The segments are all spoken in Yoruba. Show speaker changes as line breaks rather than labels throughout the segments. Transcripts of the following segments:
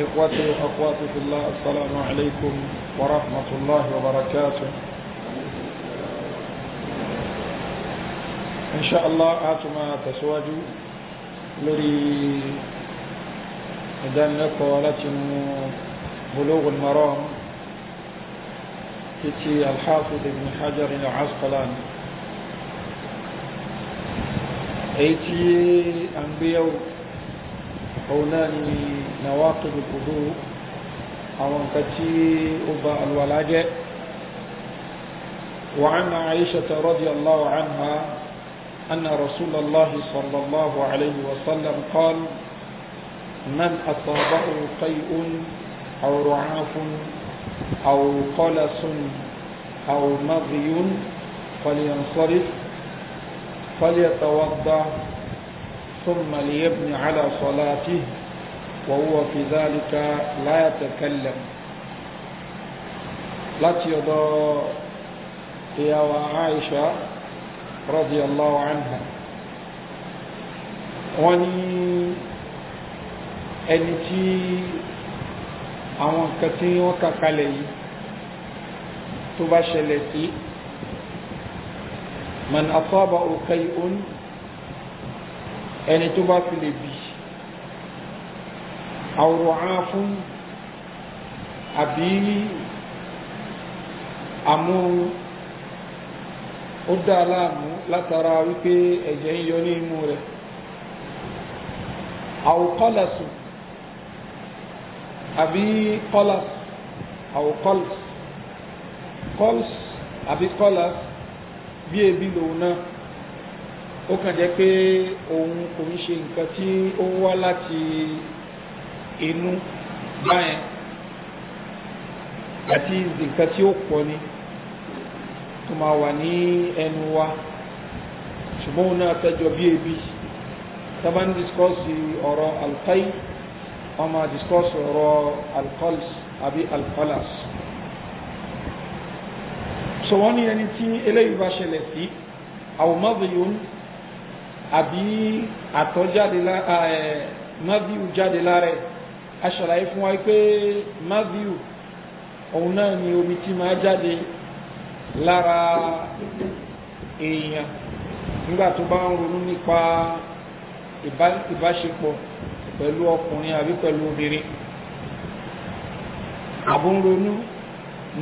إخوتي وأخواتي في الله السلام عليكم ورحمة الله وبركاته إن شاء الله أتما تسواج لري دان قولت بلوغ المرام تتي الحافظ ابن حجر العسقلاني أيتي أنبياء قولان نواقض الوضوء او nǹkan tí الولاجة وعن عائشة رضي الله عنها أن رسول الله صلى الله عليه وسلم قال من أصابه قيء أو رعاف أو قلس أو مغي فلينصرف فليتوضأ ثم ليبني على صلاته وهو في ذلك لا يتكلم لا تيضى يا وعائشة رضي الله عنها وني أنتي tí àwọn nǹkan tí wọ́n kà kalẹ̀ yìí tó bá ṣẹlẹ̀ sí man asaba òkè òun ẹni tó bá fi lè bì àwòrán á fún àbí àmú ó dá láàmú látara wípé ẹ̀jẹ̀ ń yọ ní imú rẹ̀ àwòkọ́lẹ̀sù àbí kọ́lẹ̀sù àwòkọ́lẹ̀sù kọ́lẹ̀sù àbí kọ́lẹ̀sù bí ebi lòun náà ó kàn jẹ́ pé òun kò ń ṣe nǹkan tí ó wá láti inú báyẹn àti nǹkan tí ó pọ̀ ni tó máa wà ní ẹnu wa ṣùgbọ́n òun náà fẹ́ jọ bí ebi tábà ń discourse ọ̀rọ̀ alqai wọ́n máa ọ̀rọ̀ alqals àbí alqalas so wọ́n ní ẹni tí eléyìí bá ṣẹlẹ̀ sí àwọn àbí àtọ̀jáde mọ́bíù jáde lára ẹ̀ a ṣàlàyé fún wa pé mọ́bíù òun náà ni omi tí máa jáde lára èèyàn nígbà tó bá ń ronú nípa ìbáṣepọ̀ pẹ̀lú ọkùnrin àbí pẹ̀lú obìnrin àbó ń ronú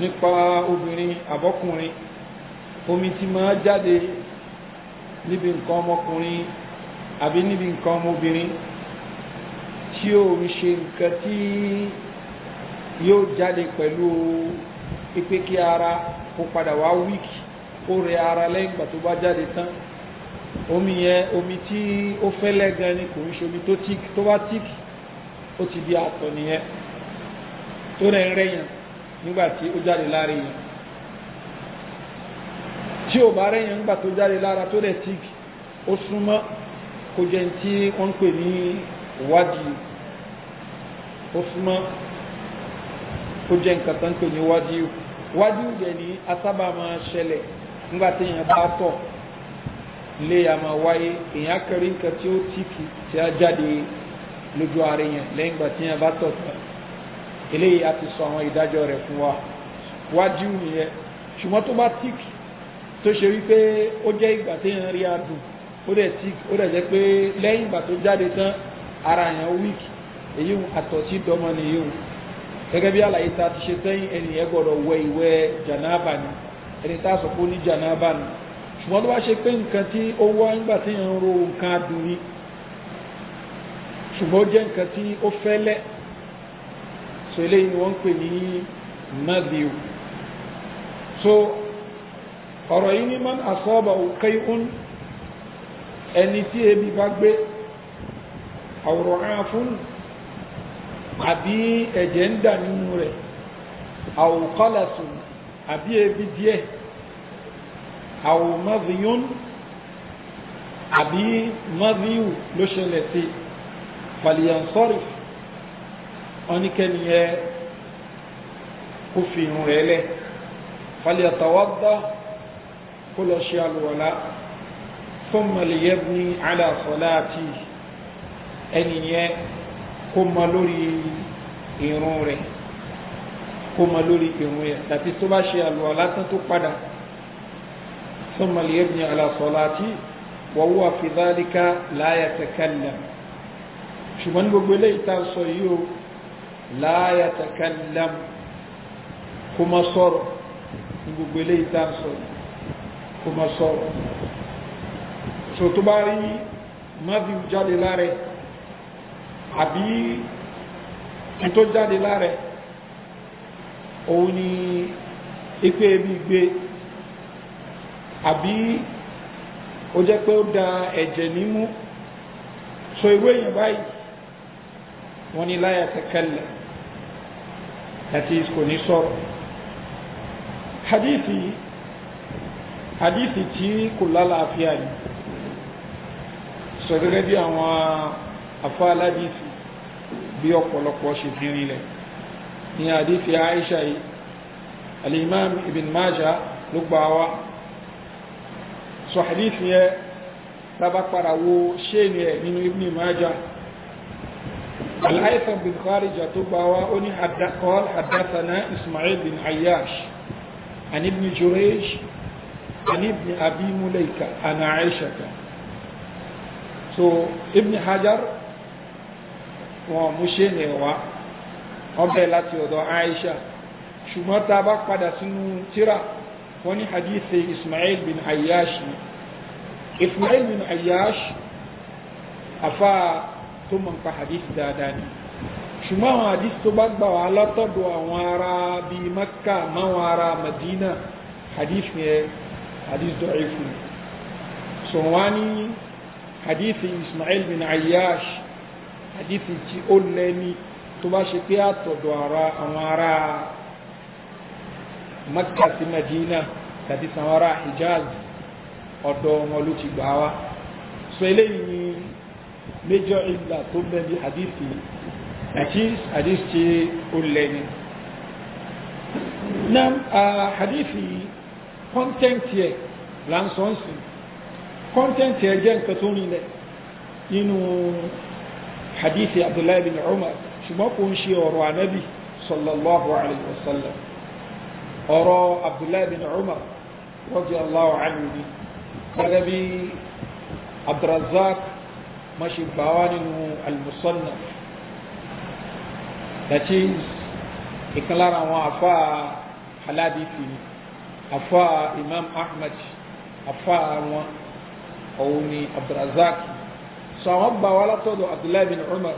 nípa obìnrin àbọ́kùnrin omi tí máa jáde níbi nǹkan ọmọkùnrin àbí níbi nǹkan ọmọbìnrin tí ó ń ṣe nǹkan tí yóò jáde pẹ̀lú pípé kí ara kó padà wá wíìkì ó rẹ ara lẹ́yìn ìgbà tó bá jáde tán omi yẹn omi tí ó fẹ́lẹ́ gan ni kò ń ṣe omi tó tíkì tó bá tíkì ó ti di àtọ̀ nìyẹn tó rẹ̀ ń rẹ̀yàn nígbà tí ó jáde láàrin yẹn tí ò bá rẹ̀yìn ń gbà tó jáde lára tó rẹ̀ tí ó súnmọ́ kó jẹ́ tí wọ́n ń pè ní wádìí ó súnmọ́ kó jẹ́ nǹkan tó ń pè ní wádìí wádìí jẹ́ ní asábà máa ṣẹlẹ̀ nígbà tí èèyàn bá tọ̀ lé a máa wáyé èèyàn kẹrin nǹkan tí ó tìkì tí a jáde lójú ara yẹn lẹ́yìn ìgbà tí èèyàn bá tọ̀ tán eléyìí a ti sọ àwọn ìdájọ́ rẹ̀ fún wa wádìí yẹn ṣùgbọ́n tó bá tìkì tó ṣe wípé ó jẹ́ ìgbà tí ń rí adùn ó dẹ̀ tí ó dẹ̀ jẹ́ pé lẹ́yìn ìgbà tó jáde tán ara yẹn weak èyí àtọ̀tí dọ́mọ nìyí o gẹ́gẹ́ bí àlàyé ta ti ṣe sẹ́yìn ẹni gbọ́dọ̀ wẹ ìwẹ̀ jànáàbà ni ẹni tá a sọ pé ó ní jànáàbà ni ṣùgbọ́n tó wá ṣe pé nǹkan tí ó wá nígbà tí ń ro nǹkan adùn ni ṣùgbọ́n ó jẹ́ nǹkan tí ó fẹ́lẹ́ so eléyìí ni wọ́n ń pè ní madiu so ọ̀rọ̀ yìí ní man asọ́ọ̀bà qai'un ẹni tí ebi bá gbé àwòrán ara fún àbí ẹ̀jẹ̀ ń dà nínú rẹ̀ àwòkọ́làsùn àbí ebi díẹ̀ àwòmọ́víyún àbí mọ́víyù ló ṣẹlẹ̀ sí fàlìyànsọ́rì ọ̀nìkẹ́niyẹ kò fi irun rẹ̀ lẹ̀ fàlìyàtàwádọ́ kó lọ ṣe àlùwàlá thumma liyabni ala salati ẹnìyẹn kó ma lórí irun rẹ̀ kó ma lórí irun rẹ̀ tàbí tó bá ṣe àlùwàlá tán tó padà thumma liyabni ala salati wa huwa fi dhalika la yatakallam ṣùgbọ́n gbogbo eléyìí tá a sọ yìí o la yatakallam kó ma sọ̀rọ̀ gbogbo eléyìí tá a sọ yìí kó má sọ̀rọ̀ so tó bá rí mọ́fíù jáde lára ẹ̀ àbí kí tó jáde lára ẹ̀ òun ni ipe ebi gbé àbí ó jẹ́ pé ó da ẹ̀jẹ̀ nímú so ìwé yìí báyìí wọ́n ní láyà tẹ̀kẹ́lẹ̀ that is kò ní sọ̀rọ̀ hadithi yìí hadithi tí kò lálàáfíà ni sọ gẹ́gẹ́ bí àwọn afá aládìsí bí ọ̀pọ̀lọpọ̀ ṣe fi rinlẹ̀ ní hadithi Aisha yìí al-Imam Ibn Majah ló gbà wá sọ hadithi yẹn tábà padà wo ṣé ni ẹ̀ nínú Ibn Majah الأيثم بن خارجة تبوا أني قال حدثنا إسماعيل بن عياش عن ابن جريج عن ابن أبي مليكة عن عائشة so ابن حجر ومشيني و ọbẹ̀ láti ọ̀dọ̀ Aisha ṣùgbọ́n tá a bá padà sínú tíra wọ́n ní hadithi Ismail bin Ayyash ni Ismail bin Ayyash afa tó mọ̀ nípa hadithi dáadáa ni ṣùgbọ́n àwọn hadithi tó bá gbà wá látọ̀dọ̀ àwọn ará bíi Makka máwọn ará Madina hadithi yẹn hadith dọ̀ẹ́fù so wọ́n ní hadith Ismail bin Ayyash hadith tí ó lẹ́ni tó bá ṣe pé àtọ̀dọ̀ ara àwọn ará Makka sí Madina tàbí sàwọn ará Hijaz ọ̀dọ̀ wọn ló ti gbà wá so eléyìí ni major ibla tó bẹ́ẹ̀ bí hadith yìí àti hadith tí ó lẹ́ni. Nam ah, hadithi content yẹ là ń sọ ń sìn content yẹ jẹ́ nǹkan tó rinlẹ̀ nínú hadithi abdullahi bin umar ṣùgbọ́n kò ń ṣe ọ̀rọ̀ anabi sallallahu alayhi wa sallam ọ̀rọ̀ abdullahi bin umar radiyallahu anhu ni gẹ́gẹ́ bí abdulrazak maṣe gbà wá nínú that is ìkan lára afa aládìí fi afa imam ahmed afa wọn òun ni abdulrazak sọ àwọn bá wa látọ̀dọ̀ abdullahi bin umar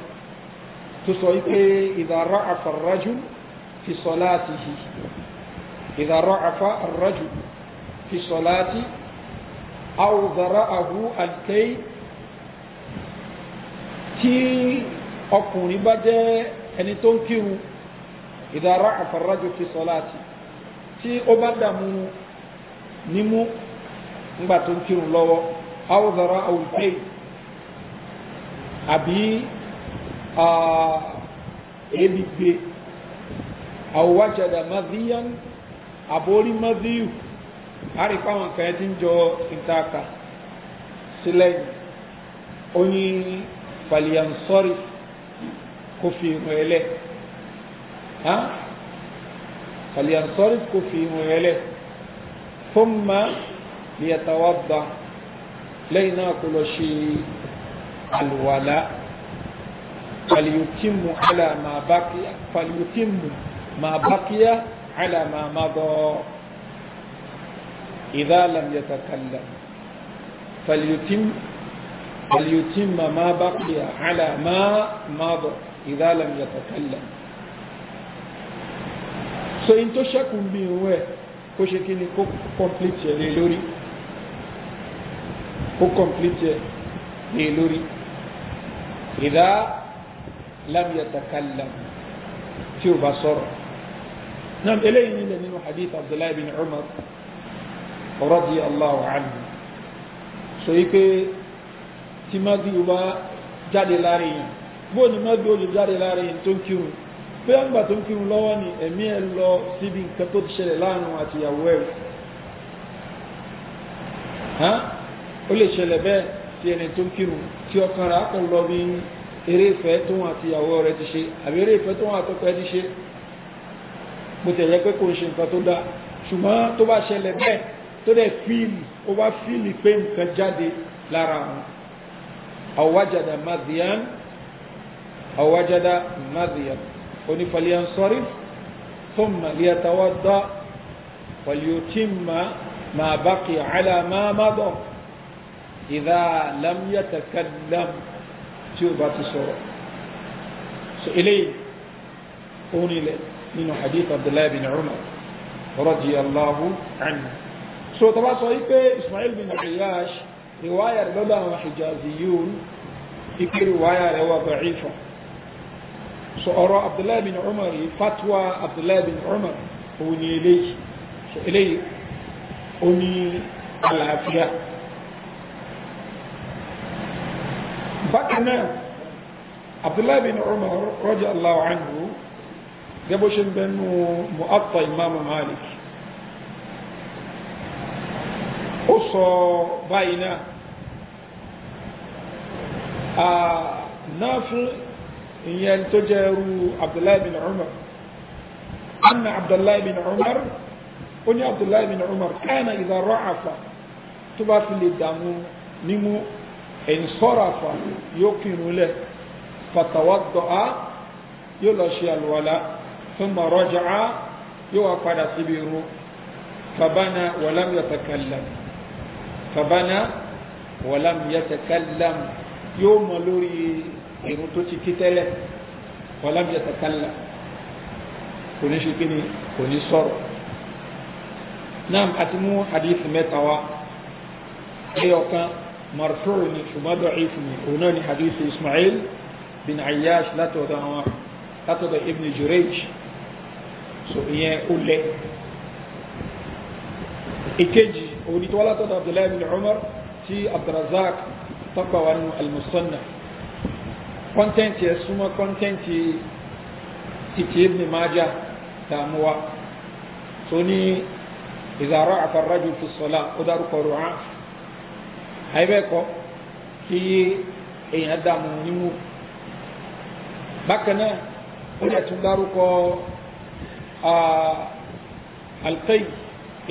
tó sọ wípé ìdàrọ àfàrájú fi salatihi ìdàrọ àfàrájú fi salati aw dara'ahu al-kay tí ọkùnrin bá jẹ́ ẹni tó ń kírun ìdàrọ àfàrájú fi salati. tí ó bá dààmú nímú ńgbà tó ń kírun lọ́wọ́ awùzọ̀rọ̀ àwùjẹ́ àbí èébì gbé àwùwájàdà maziyan àbórí maziyu àríkà àwọn kan ti ń jọ ìtaaka sílẹ̀ oyin faliyansori kò fi فلينصرف في ميله ثم ليتوضا ليناكل شيء الولاء فليتم على ما بقي فليتم ما بقي على ما مضى إذا لم يتكلم فليتم فليتم ما بقي على ما مضى إذا لم يتكلم so in tó ṣẹ́kù ń bí ìrún ẹ̀ kó ṣe kí ni kó complete ẹ̀ lé lórí kó complete ẹ̀ lé lórí ìdá lam yatakallam tí ò bá sọ̀rọ̀ náà eléyìí nílẹ̀ nínú hadith abdullahi bin umar radiyallahu anhu so yí tí magdi ò bá jáde láàrin yìí bóyá ni magdi ò lè jáde láàrin yìí tó ń kírun pé àgbà tó ń fi hun lọ́wọ́ ni ẹ̀mí ẹ̀ lọ síbi nǹkan tó ti ṣẹlẹ̀ láàrin àti ìyàwó ẹ̀ ó lè ṣẹlẹ̀ bẹ́ẹ̀ tí ẹni tó ń kírun tí ọkàn rẹ̀ akọ̀ lọ bí eré ìfẹ́ tó wọn àti ìyàwó rẹ̀ ti ṣe àbí eré ìfẹ́ tó wọn àtọ́kọ̀ ẹ̀ ti ṣe bó tẹ̀yẹ pé kò ń ṣe nǹkan tó dáa ṣùgbọ́n tó bá ṣẹlẹ̀ bẹ́ẹ̀ tó dẹ̀ fíìlì ó bá fíìlì pé nǹkan jáde lára wọn àwájàdà madian àwájàdà madian oni falyansarif thumma liyatawadda falyutimma ma baqi ala ma mada idha lam yatakallam tí ó bá ti sọ̀rọ̀ so eléyìí òun ilẹ̀ nínú hadith abdullahi bin umar radiyallahu anhu so tọba sọ wípé ismail bin Iyash riwaya lọ́dọ̀ àwọn hijaziyun ìpé riwaya rẹ̀ wà so ọ̀rọ̀ abdullahi bin umar yìí fatwa abdullahi bin umar òun ni eléyìí so eléyìí ó ní àlàáfíà bákan náà abdullahi bin umar radiyallahu anhu gẹ́bó ṣe ń bẹnu mu'atta imam malik ó sọ báyìí náà ah, náà ìyẹn tó jẹ́ ẹrú abdullahi bin umar anna abdullahi bin umar ó ní abdullahi bin umar kana idha ra'afa tó bá fi lè dààmú nímú ẹ̀yìn sọ́ra fa yóò kírun lẹ̀ fatawadda'a yóò lọ ṣe àlùwàlá thumma raja'a yóò wá padà síbi irun fabana walam yatakallam fabana walam yatakallam yóò mọ lórí irun tó ti kí tẹ́lẹ̀ wàlám yatakallam kò ní ṣe kíni kò ní sọ̀rọ̀ naam àti mú hadith mẹ́ta wá ẹyọ kan marfu'u ni ṣùgbọ́n da'if ni òun náà ni hadith ismail bin ayyash látọ̀dọ̀ àwọn látọ̀dọ̀ ibn jurayj so ìyẹn ó lẹ́ ìkejì òun ni tí wọ́n látọ̀dọ̀ abdullahi bin umar ti abdulrazak tọ́gbà wa nínú al content ẹ̀ súnmọ́ kọ́ńtẹ́ǹtì títí ibn Majah dààmú wa tó ní ìzàrọ̀ àfàrájù fi sọ́lá ó dárúkọ rùhá àìbẹ́ẹ̀kọ́ kí èèyàn dààmú nímú bákan náà ó dẹ̀ tún dárúkọ alqai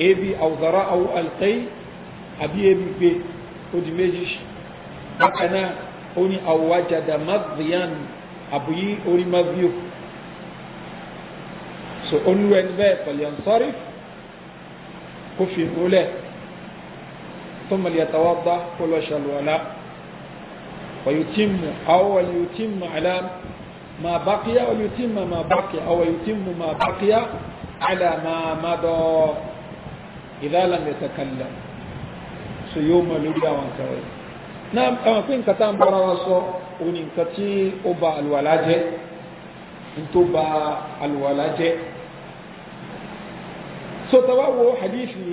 ebi àwùzàrà àwù alqai àbí ebi gbé ó di méjì bákan ó ní àwòwájàdà magdian àbúyí orí magdio so olúwa ẹni bẹ́ẹ̀ pẹ̀lẹ́n sọ́rí kó fi ìrólẹ̀ tó mọ̀lẹ́ àtàwọn bá kó lọ ṣàlùwàlá wàyùtìmù àwọn wàyùtìmù àlá ma baqiya wa yutimma ma baqiya aw yutimmu ma baqiya ala ma mada idha lam yatakallam so yawma ludi awan náà ẹ̀wọ̀n pé nǹkan tá à ń bára wa sọ òun ni nǹkan tí ó ba àlùwàlá jẹ́ tó ba àlùwàlá jẹ́ so tàwa wo hadithi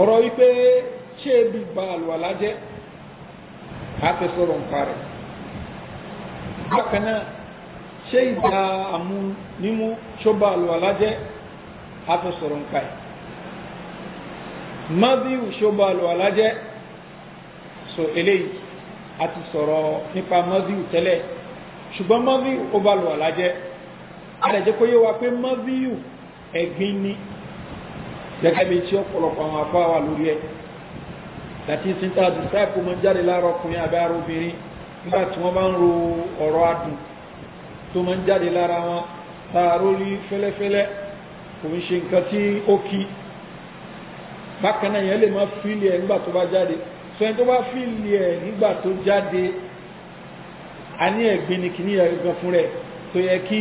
ọ̀rọ̀ wípé ṣé ebi ba àlùwàlá jẹ́ a ti sọ̀rọ̀ nǹkan rẹ̀ bákan náà ṣé ìgbà àmú mímú ṣó ba àlùwàlá jẹ́ a ti sọ̀rọ̀ nǹkan rẹ̀ mádìí ṣó ba àlùwàlá jẹ́ so eléyìí a ti sọ̀rọ̀ nípa mọ́díù tẹ́lẹ̀ ṣùgbọ́n mọ́díù ó bá lùwà lájẹ́ àdàjẹ́ kó yé wa pé mọ́díù ẹ̀gbin ni gẹ́gẹ́ bí tí ọ̀pọ̀lọpọ̀ àwọn afọ àwà lórí ẹ̀ láti sin tá a dùn sáà kó mọ jáde láàárọ̀ ọkùnrin àbí àrò obìnrin nígbà tí wọ́n bá ń ro ọ̀rọ̀ adùn tó mọ jáde lára wọn tààró rí fẹ́lẹ́fẹ́lẹ́ kò ń ṣe nǹkan tí ó kí bákan náà yẹn lè má fílì ẹ̀ nígbà tó bá jáde sẹ́ni tó bá fìlì ẹ̀ nígbà tó jáde a ní ẹ̀gbin ni kìíní ẹ̀gbin fún rẹ̀ tó yẹ kí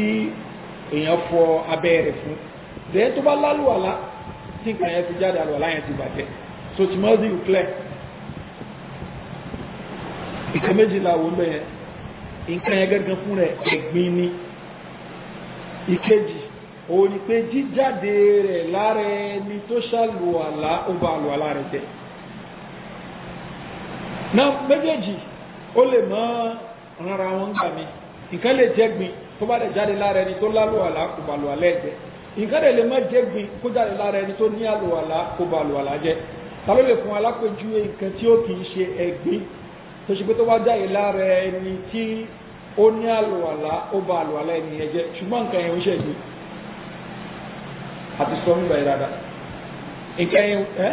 èèyàn fọ abẹ́ rẹ̀ fún dẹ́yìn tó bá lálùwàlá tí nǹkan yẹn ti jáde àlùwàlá yẹn ti bàjẹ́ so tí mọ́ sí ìkúlẹ̀ nǹkan méjìlá wo bẹ́ẹ̀ nǹkan yẹn gẹ́gẹ́ fún rẹ̀ ẹ̀gbin ni ìkejì òun ni pé jíjáde rẹ̀ lára ẹni tó ṣàlùwàlá ó ba àlùwàlá rẹ̀ jẹ́ na méjèèjì ó lè mọ́ rárá wọn gbà mí nǹkan lè jẹ́ gbin tó bá dẹ̀ jáde lára ẹni tó lálùwàlá kò bá lùwàlá ẹ̀jẹ̀ nǹkan lè má jẹ́ gbin kó jáde lára ẹni tó ní àlùwàlá kò bá lùwàlá jẹ́ ta ló lè fún alápèjúwe nǹkan tí ó kì í ṣe ẹ̀gbin tó ṣe pé tó bá jáde lára ẹni tí ó ní àlùwàlá ó bá àlùwàlá ẹni ẹ̀jẹ̀ ṣùgbọ́n nǹkan yẹn ń ṣẹ̀gbin àti sọ nígbà dáadáa nǹkan yẹn ẹ́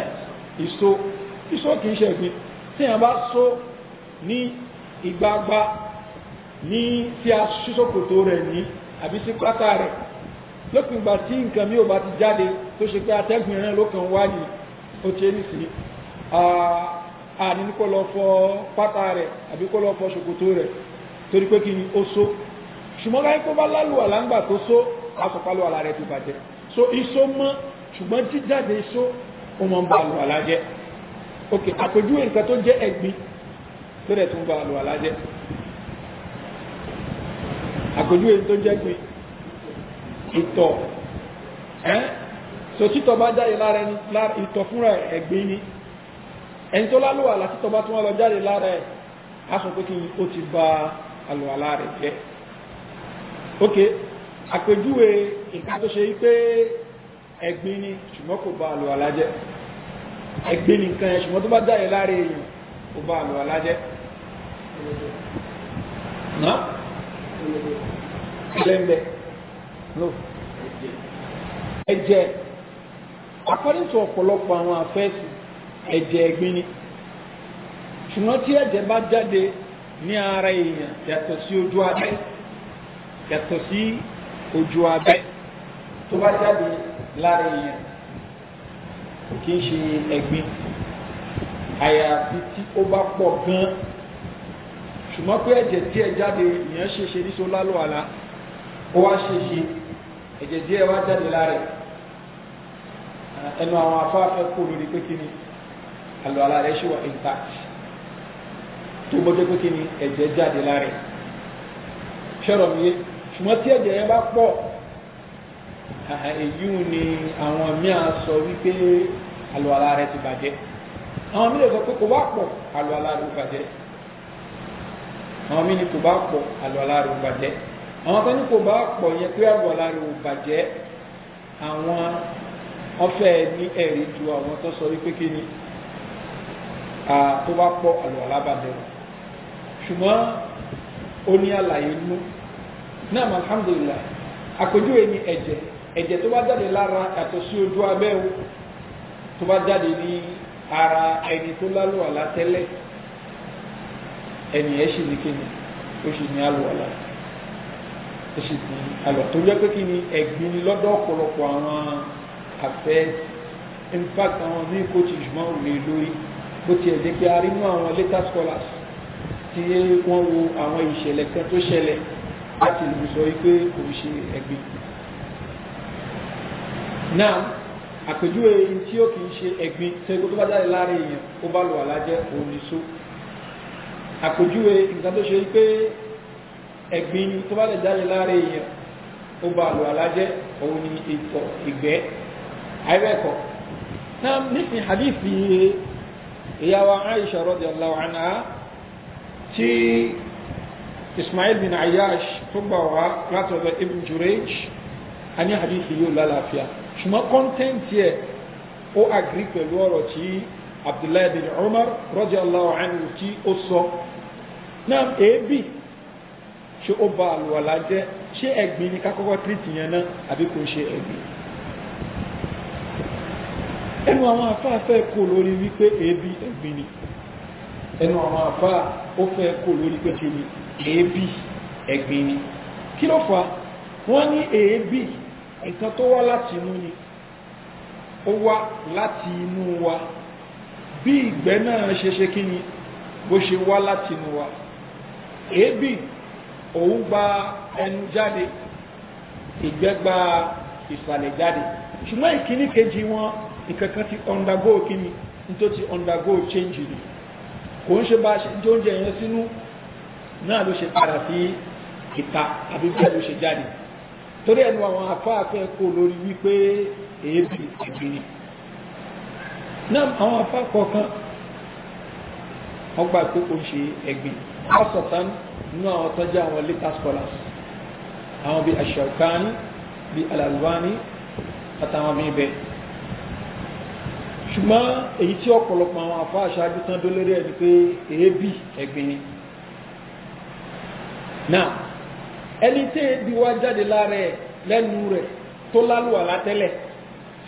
ìso ìso kì í ṣẹ̀gbin tíyàn bá só ní ìgbagba ní tí a ṣíṣòkòtò rẹ̀ ní àbí sí pátá rẹ̀ lópin ìgbà tí nǹkan mi ò bá ti jáde tó ṣe pé atẹ́gùn ìran ló kàn wá ní ó ṣe ní sí àní ní kó lọ fọ pátá rẹ̀ àbí kó lọ fọ ṣòkòtò rẹ̀ torí pé kí ni ó só ṣùgbọ́n láyé kó bá lálùwà láǹgbà tó só àsọpálùwà rẹ̀ ti bàjẹ́ so iṣó mọ́ ṣùgbọ́n jíjáde iṣó ó mọ́ ń ba àlùwà lájẹ́ ok àpèjúwe nǹkan tó jẹ́ ẹ̀gbin ló dẹ̀ tún ba àlùwàlá jẹ́ àpèjúwe tó jẹ́ ẹ̀gbin ìtọ̀ ẹ́ so títọ̀ bá jáde lára ẹni ìtọ̀ fúnra ẹ̀gbin ni ẹni tó lálùwàlá títọ̀ bá tún wá lọ jáde lára ẹ̀ á sọ pé kí ó ti ba àlùwàlá rẹ̀ jẹ́ ok àpèjúwe nǹkan tó ṣe wípé ẹ̀gbin ni ṣùgbọ́n kò ba àlùwàlá jẹ́ ẹgbẹ́ nìkan ẹ̀ ṣùgbọ́n tó bá jáde láre èèyàn ó bá àlọ́ alájẹ́ no ẹ̀jẹ̀ according to ọ̀pọ̀lọpọ̀ àwọn afẹ́sì ẹ̀jẹ̀ ẹ̀gbin ni ṣùgbọ́n tí ẹ̀jẹ̀ bá jáde ní ara èèyàn yàtọ̀ sí ojú abẹ́ yàtọ̀ sí ojú abẹ́ tó bá jáde lára èèyàn kì í ṣe ẹ̀gbin àyàfi tí ó bá pọ̀ gan ṣùgbọ́n pé ẹ̀jẹ̀ tí ẹ jáde ìyẹn ṣeṣe níṣó lálọ́ àlá ó wá ṣeṣe ẹ̀jẹ̀ tí ẹ wá jáde lára ẹnu àwọn afáfẹ́ kò lórí pé kí ni àlọ́ àlá rẹ̀ ṣe wà intact tó gbọ́dọ̀ pé kí ni ẹ̀jẹ̀ jáde lára ṣẹ̀rọ̀ mi yé ṣùgbọ́n tí ẹ̀jẹ̀ yẹn bá pọ̀ èyí ni àwọn míà sọ wípé àlùwàlá rẹ ti bàjẹ́ àwọn míì lè sọ pé kò bá pọ̀ àlùwàlá rẹ ti bàjẹ́ àwọn míì ni kò bá pọ̀ àlùwàlá rẹ ti bàjẹ́ àwọn tó ní kò bá pọ̀ yẹ pé àlùwàlá rẹ ti bàjẹ́ àwọn ọfẹ́ ní ẹ̀rí ju àwọn tó sọ wípé kí ni tó bá pọ̀ àlùwàlá bàjẹ́ ṣùgbọ́n ó ní àlàyé nínú náà alhamdulilayi àpèjúwe ni ẹ̀jẹ̀ ẹ̀jẹ̀ tó bá jáde lára yàtọ̀ sí ojú abẹ́ o tó bá jáde ní ara ẹni tó lálùwàlá tẹ́lẹ̀ ẹni ẹ̀ ṣì ní kíni ó ṣì ní àlùwàlá ó ṣì ní àlùwàlá tó jẹ́ pé kí ni ẹ̀gbin lọ́dọ̀ ọ̀pọ̀lọpọ̀ àwọn àfẹ́ in fact àwọn ní coaching ṣùgbọ́n òun lè lórí bó tiẹ̀ jẹ́ pé a rí mú àwọn later scholars tí wọ́n wo àwọn ìṣẹ̀lẹ̀ kan tó ṣẹlẹ̀ láti lè sọ wípé kò ṣe ẹ̀gbin náà àpèjúwe tí ó kì í ṣe ẹ̀gbin tẹ́gbó tó bá jáde lára èèyàn ó bá lò àlájẹ́ òun ní só àpèjúwe nǹkan tó ṣe pé ẹ̀gbin tó bá lè jáde lára èèyàn ó bá lò àlájẹ́ òun ní ìtọ̀ ìgbẹ́ àìbẹ́ẹ̀kọ́ náà nísìn hadithi ìyá Aisha radiyallahu anha tí Ismail bin Ayyash tó gbà wá látọ̀dọ̀ Ibn Jurayj a ní hadithi yóò lálàáfíà. La ṣùgbọ́n kọ́ńtẹ́ǹtì ẹ̀ ó agri pẹ̀lú ọ̀rọ̀ tí abdullahi bin umar radiyallahu anhu tí ó sọ náà èébì ṣé ó ba àlùwàlá jẹ́ ṣé ẹ̀gbin ni kákọ́kọ́ tírìtì yẹn náà àbí kò ṣe ẹ̀gbin ẹnu àwọn afáà fẹ́ kó lórí wípé èébì ẹ̀gbin ni ẹnu àwọn afáà ó fẹ́ kó lórí pé èébì ẹ̀gbin ni kí ló fà wọ́n ní èébì nǹkan tó wá láti inú ni ó wá láti inú wa bí ìgbẹ́ náà ṣe ṣe kí ni bó ṣe wá láti inú wa èébì òun gba ẹnu jáde ìgbẹ́ gba ìsàlẹ̀ jáde ṣùgbọ́n ìkíní kejì wọn ìkankan ti undergo kíni nítorí ti undergo change ni kò ń ṣe bá ṣe jẹ oúnjẹ yẹn sínú náà ló ṣe padà sí ìta àbí bẹ́ẹ̀ ló ṣe jáde torí ẹnu àwọn afáàfẹ́ kó lórí wípé èébì ìgbìyàn náà àwọn afáàkọ̀ kan wọ́n gbà pé kò ṣe ẹ̀gbìn asọ̀tán nínú àwọn tọ́jú àwọn later scholars àwọn bíi Ash-Shawkani bíi Al-Albani àtàwọn bíi bẹ́ẹ̀ ṣùgbọ́n èyí tí ọ̀pọ̀lọpọ̀ àwọn afáà ṣáájú tán dólórí ẹ̀ ni pé èébì ẹ̀gbìn ni náà ẹni tẹ́ ebi wá jáde lára ẹ̀ lẹ́nu rẹ̀ tó lálùwàlá tẹ́lẹ̀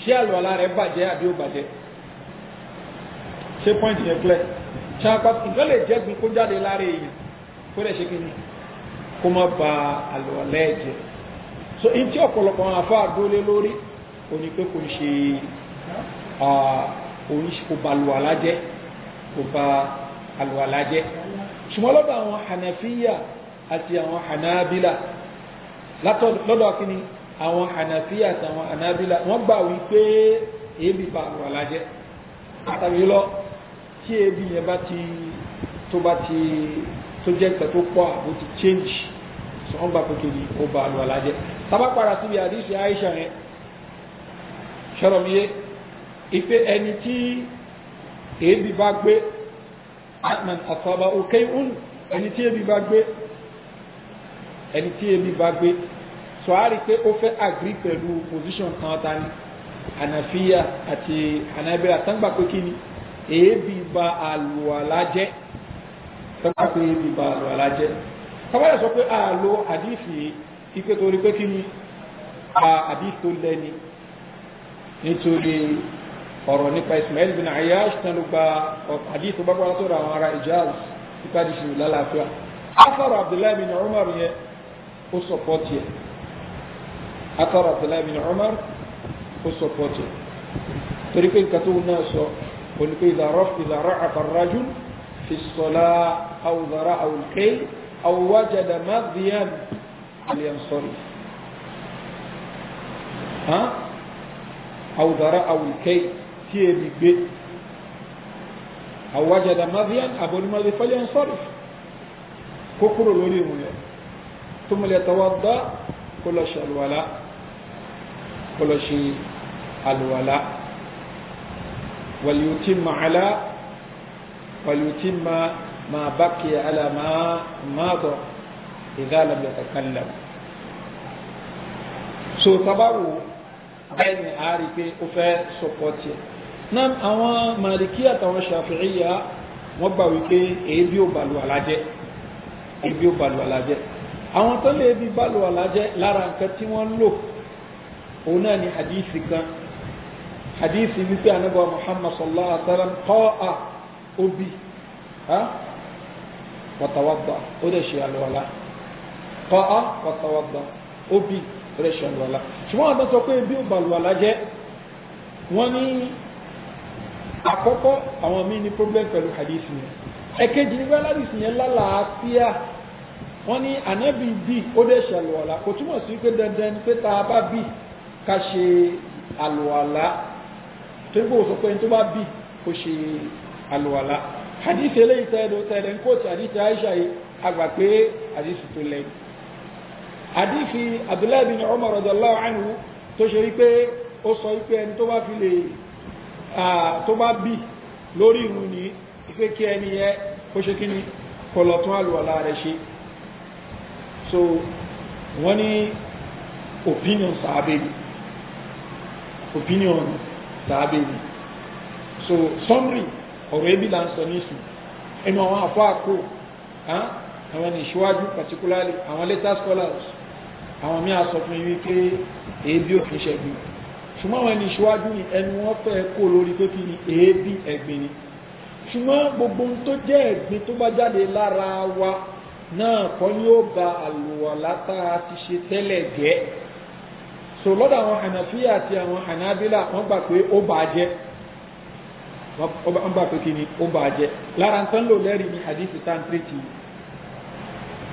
ṣé àlùwàlá rẹ̀ bàjẹ́ àbí ó bàjẹ́ ṣé pọ́ǹtì yẹn clear ṣàpá nǹkan lè jẹ́gun kó jáde lára èèyàn kó lè ṣe kí ni kó má ba àlùwàlá ẹ̀ jẹ́ so in tí ọ̀pọ̀lọpọ̀ àwọn afá àdólé lórí ó ní pé kò ń ṣe kò ba àlùwàlá jẹ́ kò ba àlùwàlá jẹ́ ṣùgbọ́n lọ́dọ̀ àwọn Hànàfíyà àti àwọn hanabila lọ́dọ̀ kínní àwọn hanafi àti àwọn hanabila wọ́n gbà wípé èébì bá àlùwàlá jẹ́ àtàwé lọ tí èébì yẹn bá ti tó bá ti tó jẹ́ nǹkan tó pọ̀ àbó ti change sọ wọ́n gbà pé kìíní ó bá àlùwàlá jẹ́ tábà padà síbi àdìsí Aisha yẹn sọ̀rọ̀ mi yé ipe ẹni tí èébì bá gbé atman asaba òkè ìhùn ẹni tí èébì bá gbé ẹni tí ebi bá gbé sọ á rí pé ó fẹ́ agree pẹ̀lú position kan ta ni ànàfíà àti ànàbẹ́ àtàǹgbà pé kí ni èébì ba àlùwàlá jẹ́ tọ́gbà pé èébì ba àlùwàlá jẹ́ kábàlà sọ pé àlò àdìsí ipe torí pé kí ni àdìsí tó lẹ́ni nítorí ọ̀rọ̀ nípa Ismail bin Ayyash tán ló gba àdìsí bá bá wà látọ̀rọ̀ àwọn ará Ijaz nípa àdìsí lálàáfíà. afárò Abdullahi bin Umar yẹn ó sọpọ́tì ẹ̀ atara Abdullahi bin Umar ó sọpọ́tì ẹ̀ torí pé nǹkan tó wù náà sọ olùkọ́ ìdàrọ́ ìdàrọ́ àfàrájú fi sọlá àwùdàrà àwùké àwùwájàdà mádìyàn àlìyànsọ́rì àwùdàrà àwùké tí ebi gbé àwùwájàdà mádìyàn àbọ̀nìmọ̀lẹ́fọ́lẹ́nsọ́rì kókòrò lórí ìwòyàn. ثم ليتوضا كل شيء الولاء كل شيء الولاء وليتم على وليتم ما بقي على ما مضى إذا لم يتكلم so tabawo bẹ́ẹ̀ ni a rí pé ó fẹ́ sọpọtì náà àwọn màlìkí àtàwọn ṣàfihàn wọ́n gbà wípé èébì ò bàlù àlàjẹ èébì ò bàlù àlàjẹ àwọn tó lè fi bálùwàlá jẹ́ lára nǹkan tí wọ́n lò òun náà ni hadithi kan hadithi wípé anábọ̀ muhammad sallallahu alaihi wa sallam kọ́ a obi wàtàwàdà ó dẹ̀ ṣe àlùwàlá kọ́ a wàtàwàdà obi ó dẹ̀ ṣe àlùwàlá ṣùgbọ́n àwọn tó sọ pé bí ó bàlùwàlá jẹ́ wọ́n ní àkọ́kọ́ àwọn míì ní problem pẹ̀lú hadithi yẹn ẹ̀kejì ní bá yẹn lálàáfíà wọ́n ní ànábì bi ó dẹ̀ ṣe àlùwàlá kò túmọ̀ sí pé dandan ni pé tá a bá bí ká ṣe àlùwàlá tó ń gbòòrò sọ pé ẹni tó bá bí kó ṣe àlùwàlá hadith eléyìí tẹ́ẹ̀dọ̀ tẹ́ẹ̀dẹ̀ ń kóòtù hadith aisha yìí àgbà pé hadith tó lẹ́yìn hadith abdullahi bin umar radallahu anhu tó ṣe wípé ó sọ wípé ẹni tó bá fi lè tó bá bì lórí ìrun ní pé kí ẹni yẹ kó ṣe kí ni kọlọ̀tún àlùwàlá rẹ̀ ṣe so wọ́n ní opinion sàábẹ́ni opinion sàábẹ́ni so summary ọ̀rọ̀ ebi là ń sọ nísìn ẹnu àwọn afọ àkó àwọn ìṣíwájú particularly àwọn later scholars àwọn míì sọ fún yín pé èébì ò kìí ṣẹ̀gbìn ṣùgbọ́n àwọn ẹni ìṣíwájú ni ẹnu wọn fẹ́ kó lórí pé kí ni èébì ẹ̀gbìn ni ṣùgbọ́n gbogbo ohun tó jẹ́ ẹ̀gbìn tó bá jáde lára wa náà kọ́ yóò ba àlùwàlá tá a ti ṣe tẹ́lẹ̀ jẹ́ so lọ́dọ̀ àwọn hànàfíà àti àwọn hànàbílà wọ́n gbà pé ó bàá jẹ́ wọ́n gbà pé kíni ó bàá jẹ́ lára nǹkan lò lẹ́rìí ní hadithi tantriti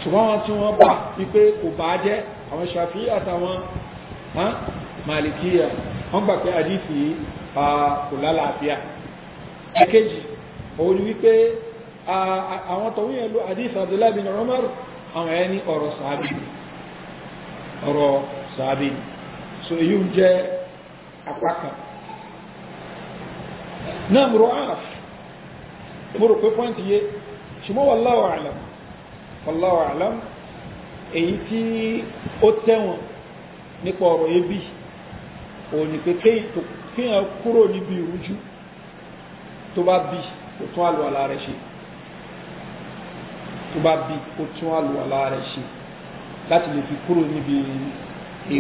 ṣùgbọ́n wọn tí wọ́n gbà wípé kò bàá jẹ́ àwọn ṣàfíì àtàwọn ni wípé àwọn tó wíyẹn lo hadith abdullahi bin umar àwọn ẹ̀ ní ọ̀rọ̀ sàábì ọ̀rọ̀ sàábì so èyí ń jẹ́ apá náà mo rọ áàf mo rò pé pọ́ǹtì yé ṣùgbọ́n wallahu a'lam wallahu a'lam èyí tí ó tẹ̀wọ̀n nípa ọ̀rọ̀ ebi òun ni pé kéèyàn kúrò níbi ìrújú tó bá bí kò tún àlọ́ àlá rẹ̀ ṣe tó bá bí kó tún àlùwàlá rẹ̀ ṣe láti lè fi kúrò níbi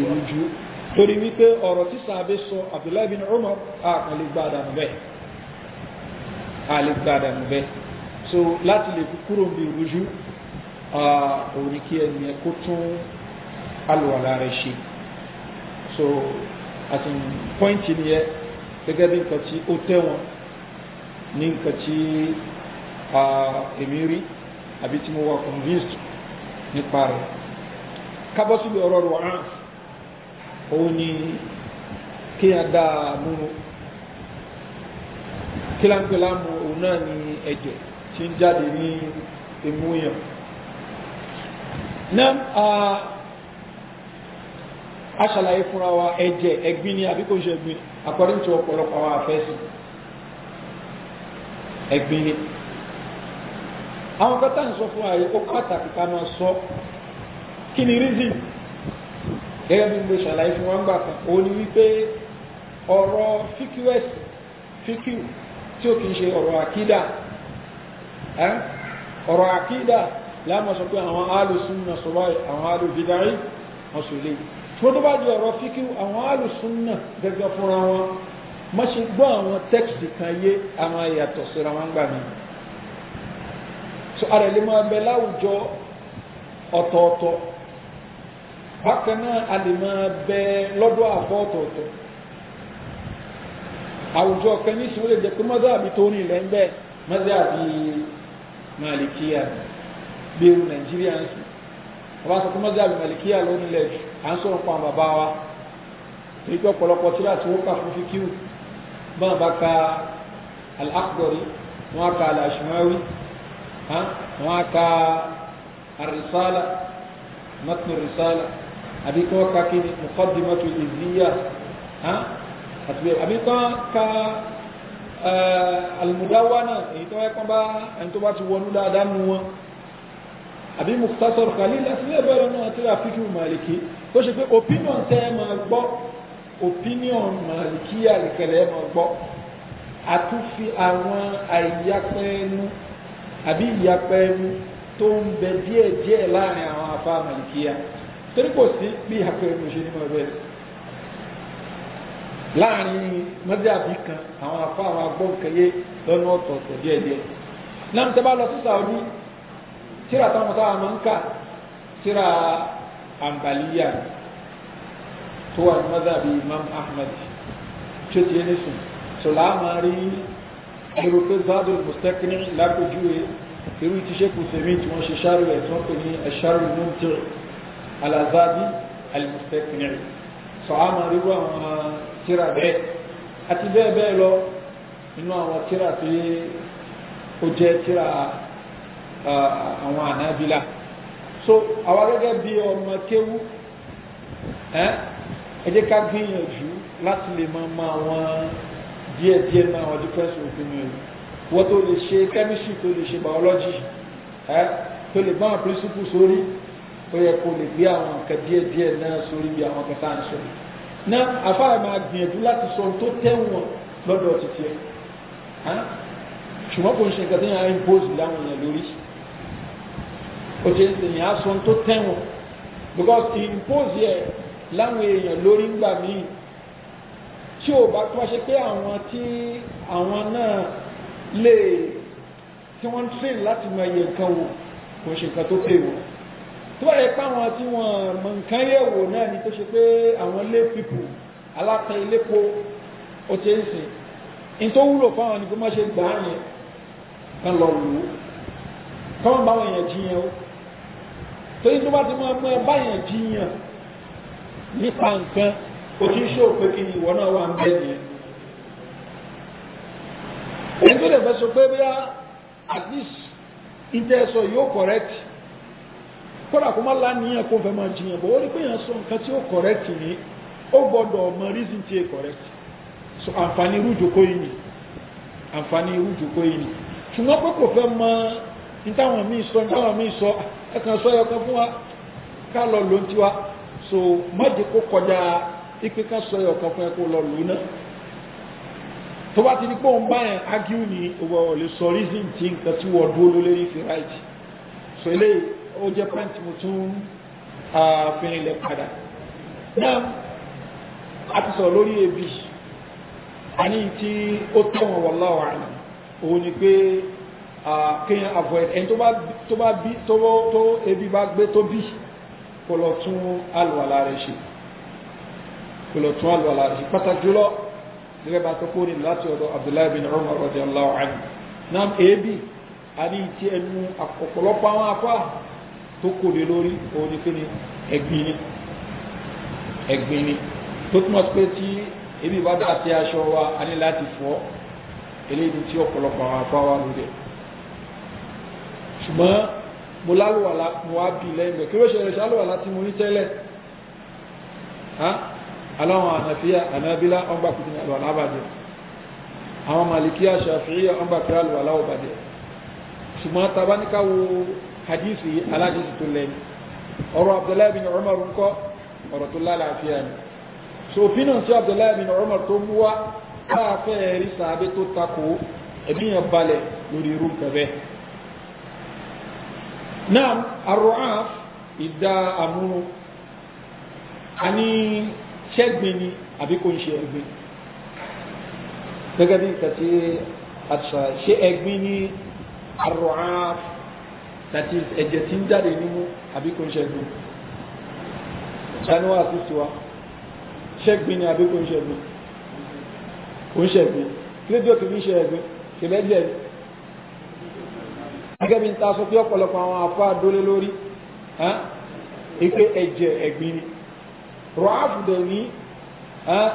èrújú torí wípé ọ̀rọ̀ tí sàbẹ̀ sọ Abdullahi bin Umar àkànlè bẹ́ẹ̀ àlè bẹ́ẹ̀ so láti lè fi kúrò níbi èrújú òun ni kí ẹni ẹ kó tún àlùwàlá rẹ̀ ṣe so àti pọ́ìntì nìyẹn gẹ́gẹ́ bí nǹkan tí ó tẹ̀wọ̀n ní nǹkan tí èmi rí àbí tí mo wà convinced nípa rẹ̀ kábọ́ síbi ọ̀rọ̀ rẹ̀ wọ́n òun ni kí a dá a múnú kí láńpẹ́ láàmú òun náà ni ẹ̀jẹ̀ tí ń jáde ní imú yàn náà a ṣàlàyé fúnra wa ẹ̀jẹ̀ ẹ̀gbin ni àbí kò ṣe ẹ̀gbin according to ọ̀pọ̀lọpọ̀ àwọn àfẹ́sìn ẹ̀gbin ni àwọn kọ́tà ń sọ fún ààyè ó pàtàkì ká máa sọ kí ni reason gẹ́gẹ́ bí mo ṣàlàyé fún wọn gbà kan òun ni wípé ọ̀rọ̀ fíkúwẹ́sì fíkú tí ó kì í ṣe ọ̀rọ̀ àkídà ọ̀rọ̀ àkídà láàmú sọ pé àwọn alùsùn náà sọ báyìí àwọn alùbídárí wọn tó tó bá di ọ̀rọ̀ fíkú àwọn alùsùn náà fúnra wọn má ṣe gbọ́ àwọn tẹ́kìtì kan yé àwọn ìyàtọ̀ síra wọn gbà mí so ara lè máa bẹ láwùjọ ọ̀tọ̀ọ̀tọ̀ bákan náà a lè máa bẹ lọ́dọ̀ àfọ́ ọ̀tọ̀ọ̀tọ̀ àwùjọ kan ní ìsìnkú lè jẹ́ pé mọ́tò àbí tó rìn lẹ́ ń bẹ́ẹ̀ mọ́tò àbí màlìkíyà bí irú nàìjíríà ń sùn bàbá sọ pé mọ́tò àbí màlìkíyà ló nílẹ̀ jù à ń sọ̀rọ̀ pa bàbá wa èyí pé ọ̀pọ̀lọpọ̀ tí wọ́n kà fún fíkíù bọ́n bá ka al-Akhdari wọ́n á wọn ka arisala matnu risala àbí kí wọn ka kíni muqaddimatu iziya àbí kí wọn ka almudawana èyí tó yẹ kán bá ẹni tó bá ti wọnú dáadáa nu wọn àbí mukhtasar khalil àti ilé ìbẹ̀rẹ̀ náà ti rà fíkì màlìkì tó ṣe pé opinion tẹ́ ẹ máa gbọ́ opinion màlìkì àlìkẹ̀lẹ̀ ẹ máa gbọ́ àtúnfi àwọn àìyápẹ́ẹ́nu àbí ìyapẹ́ ẹnu tó ń bẹ díẹ̀ díẹ̀ láàrin àwọn afá màlìkíyà torí kò sí bí ìyapẹ́ ẹnu ṣe ní mọ̀ bẹ́ẹ̀ láàrin mọ́dàbí kan àwọn afá àwọn agbóǹkẹyẹ lọ́nà ọ̀tọ̀ọ̀tọ̀ díẹ̀ díẹ̀ náà tẹ́ bá lọ sí Saudi tíra táwọn sáà máa ń kà tíra àǹbàlíyà tó wà ní mọ́dàbí Imam Ahmad tó ti ẹni sùn sọlá máa rí èrò pé zadul mustaqni lápèjúwe irú ti ṣe kùsèmí tí wọ́n ṣe ṣáàrù ẹ̀ tí wọ́n pè ní ẹ̀ṣáàrù mumtir alazabi almustaqni sọ̀hámà rírú àwọn tíra bẹ́ẹ̀ àti bẹ́ẹ̀ bẹ́ẹ̀ lọ inú àwọn tíra tí ó jẹ́ tíra àwọn ànábìlà so àwa gẹ́gẹ́ bí ọmọ kéwú ẹ jẹ́ ká gbìyànjú láti lè máa ma àwọn díẹ̀ díẹ̀ náà wọ́n difference opinion wọ́n tó lè ṣe chemistry tó lè ṣe biology ẹ́ tó lè bá àwọn principles sórí ó yẹ kó lè gbé àwọn nǹkan díẹ̀ díẹ̀ náà sórí bí àwọn kẹta ń sọ náà afárá máa gbìyànjú láti sọ tó tẹ̀wọ̀n lọ́dọ̀ títí ẹ̀ ṣùgbọ́n kò ń ṣe nǹkan tí yàrá impose láwọn èèyàn lórí ó ti ń sèyàn aṣọ tó tẹ̀wọ̀n because impose yẹ láwọn èèyàn lórí ńgbà míì tí o bá tó wá ṣe pé àwọn tí àwọn náà lè tí wọ́n ń train láti mọ iye nǹkan wò kò ṣe nǹkan tó pè wọ́n tó bá yẹ pé àwọn tí wọ́n mọ nǹkan yẹ̀ wò náà ni tó ṣe pé àwọn lay people aláta ilépo ó ti ń sìn in tó wúlò fáwọn ni kó má ṣe gbà á yẹn kan lọ wò ó kọ́mọ̀ báwọn èèyàn jiyàn ó torí tó bá ti mọ ẹ báyàn jiyàn nípa nǹkan kò tí ń ṣó pé kí ni ìwọ náà wà ń bẹ nìyẹn ẹni tó lè at least yóò correct kódà kó má láníyàn kó fẹ́ máa jiyàn bọ̀ ó rí pé yàn sọ nǹkan tí ó correct ni ó gbọ́dọ̀ reason ti correct so àǹfààní irú ìjòkó yìí ni àǹfààní irú ìjòkó yìí ni ṣùgbọ́n pé kò fẹ́ mọ ìtàwọn míì sọ ìtàwọn míì sọ sọ fún wa ká lọ lóun so ipe ká sọ yọ ọ̀kan fún ẹ kó lọ lò ó ná tó bá ti di pé òun bá yẹn ágíù ní owó ọ̀lẹ́ sọ reason tí nǹkan tí wọ́n dúró ló lérí fi right so eléyìí ó jẹ́ pẹ́ǹtì mo tún fi rinlẹ̀ padà náà a ti sọ lórí ebi àní tí ó tẹ̀wọ̀n wallahu a'lam òun ni pé kéèyàn avoid ẹni tó bá bí tó ebi bá gbé tó bí kó lọ tún àlùwàlá rẹ̀ ṣe kó lọ tún àlùwàlá rẹ̀ pàtàkì jùlọ gẹ́gẹ́ bá tó kórè láti ọ̀dọ̀ abdullahi bin umar radiyallahu anhu náà èébì àní ti ẹnu ọ̀pọ̀lọpọ̀ àwọn afá tó kórè lórí òun ni kíni ẹ̀gbin ni ẹ̀gbin ni tó túmọ̀ sí pé tí ebi bá dà sí aṣọ wa a ní láti fọ̀ eléyìí tí ọ̀pọ̀lọpọ̀ àwọn afá wa lórí ṣùgbọ́n mo lálùwàlá mo wá bì lẹ́yìn rẹ̀ kí ló ṣẹlẹ̀ ṣálùwàlá tí mo ní tẹ́lẹ̀ aláwọn ànàfíà ànàbílà ọgbà kùtìmí àlùwàlá bàjẹ́ àwọn màlìkíà ṣàfihì ọgbà kìrì àlùwàlá ò bàjẹ́ ṣùgbọ́n tabaníkà wo hadisi aládìsí tó lẹ́yìn ọ̀rọ̀ abdullahi bin umar ńkọ́ ọ̀rọ̀ tó lálàáfíà ni sòfin náà tí abdullahi bin umar tó mú wá káàfẹ́ ẹ̀rí sàábé tó takò ẹ̀mí yẹn balẹ̀ lórí irú kẹfẹ́ náà arọ́af ìdá àmúnu a ṣẹ́gbin ni àbí kò ń ṣe ẹ̀gbin gẹ́gẹ́ bí nǹkan tí àṣà ṣe ẹ̀gbin ni àrùn àti ẹ̀jẹ̀ tí ń jáde nínú àbí kò ń ṣe ẹ̀gbin ṣáníwá àti tiwa ṣẹ́gbin ni àbí kò ń ṣe ẹ̀gbin kò ń ṣe ẹ̀gbin kí ló dé ṣe ẹ̀gbin kì lẹ́jẹ̀ gẹ́gẹ́ bí n ta sọ pé ọ̀pọ̀lọpọ̀ àwọn afọ àdólé lórí ìpè ẹ̀jẹ̀ ẹ̀gbin ni rọ́àfù dẹ̀ ní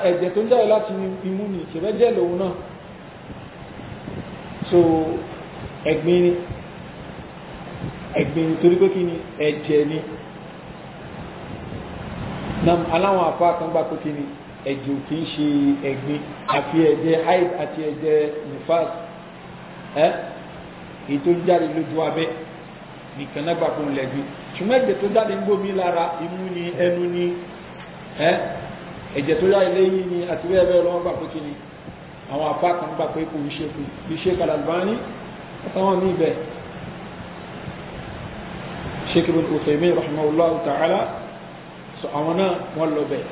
ẹ̀jẹ̀ tó ń jáde láti imú ni ìṣẹ̀fẹ́jẹ̀ lòun náà so ẹ̀gbin ni ẹ̀gbin ni torí pé kí ni ẹ̀jẹ̀ ni nam aláwọn apá kan gbà pé kí ni ẹ̀jẹ̀ ò kì í ṣe ẹ̀gbin àfi ẹ̀jẹ̀ haid àti ẹ̀jẹ̀ nifas ẹ́ èyí tó ń jáde lójú abẹ́ nìkan náà gbà pé ń lẹ̀gbin ṣùgbọ́n ẹ̀jẹ̀ tó jáde ń gbòmí lára imú ni ẹnu ni ẹ́ ẹ̀jẹ̀ tó yá ilé yìí ni àti bẹ́ẹ̀ bẹ́ẹ̀ lọ́wọ́ gbà pé kí ni àwọn apá kan gbà pé kò ń ṣe kù bí ṣe Al-Albani àtàwọn míì bẹ́ẹ̀ Sheikh Ibn Uthaymeen rahimahullah ta'ala sọ àwọn náà wọ́n lọ bẹ̀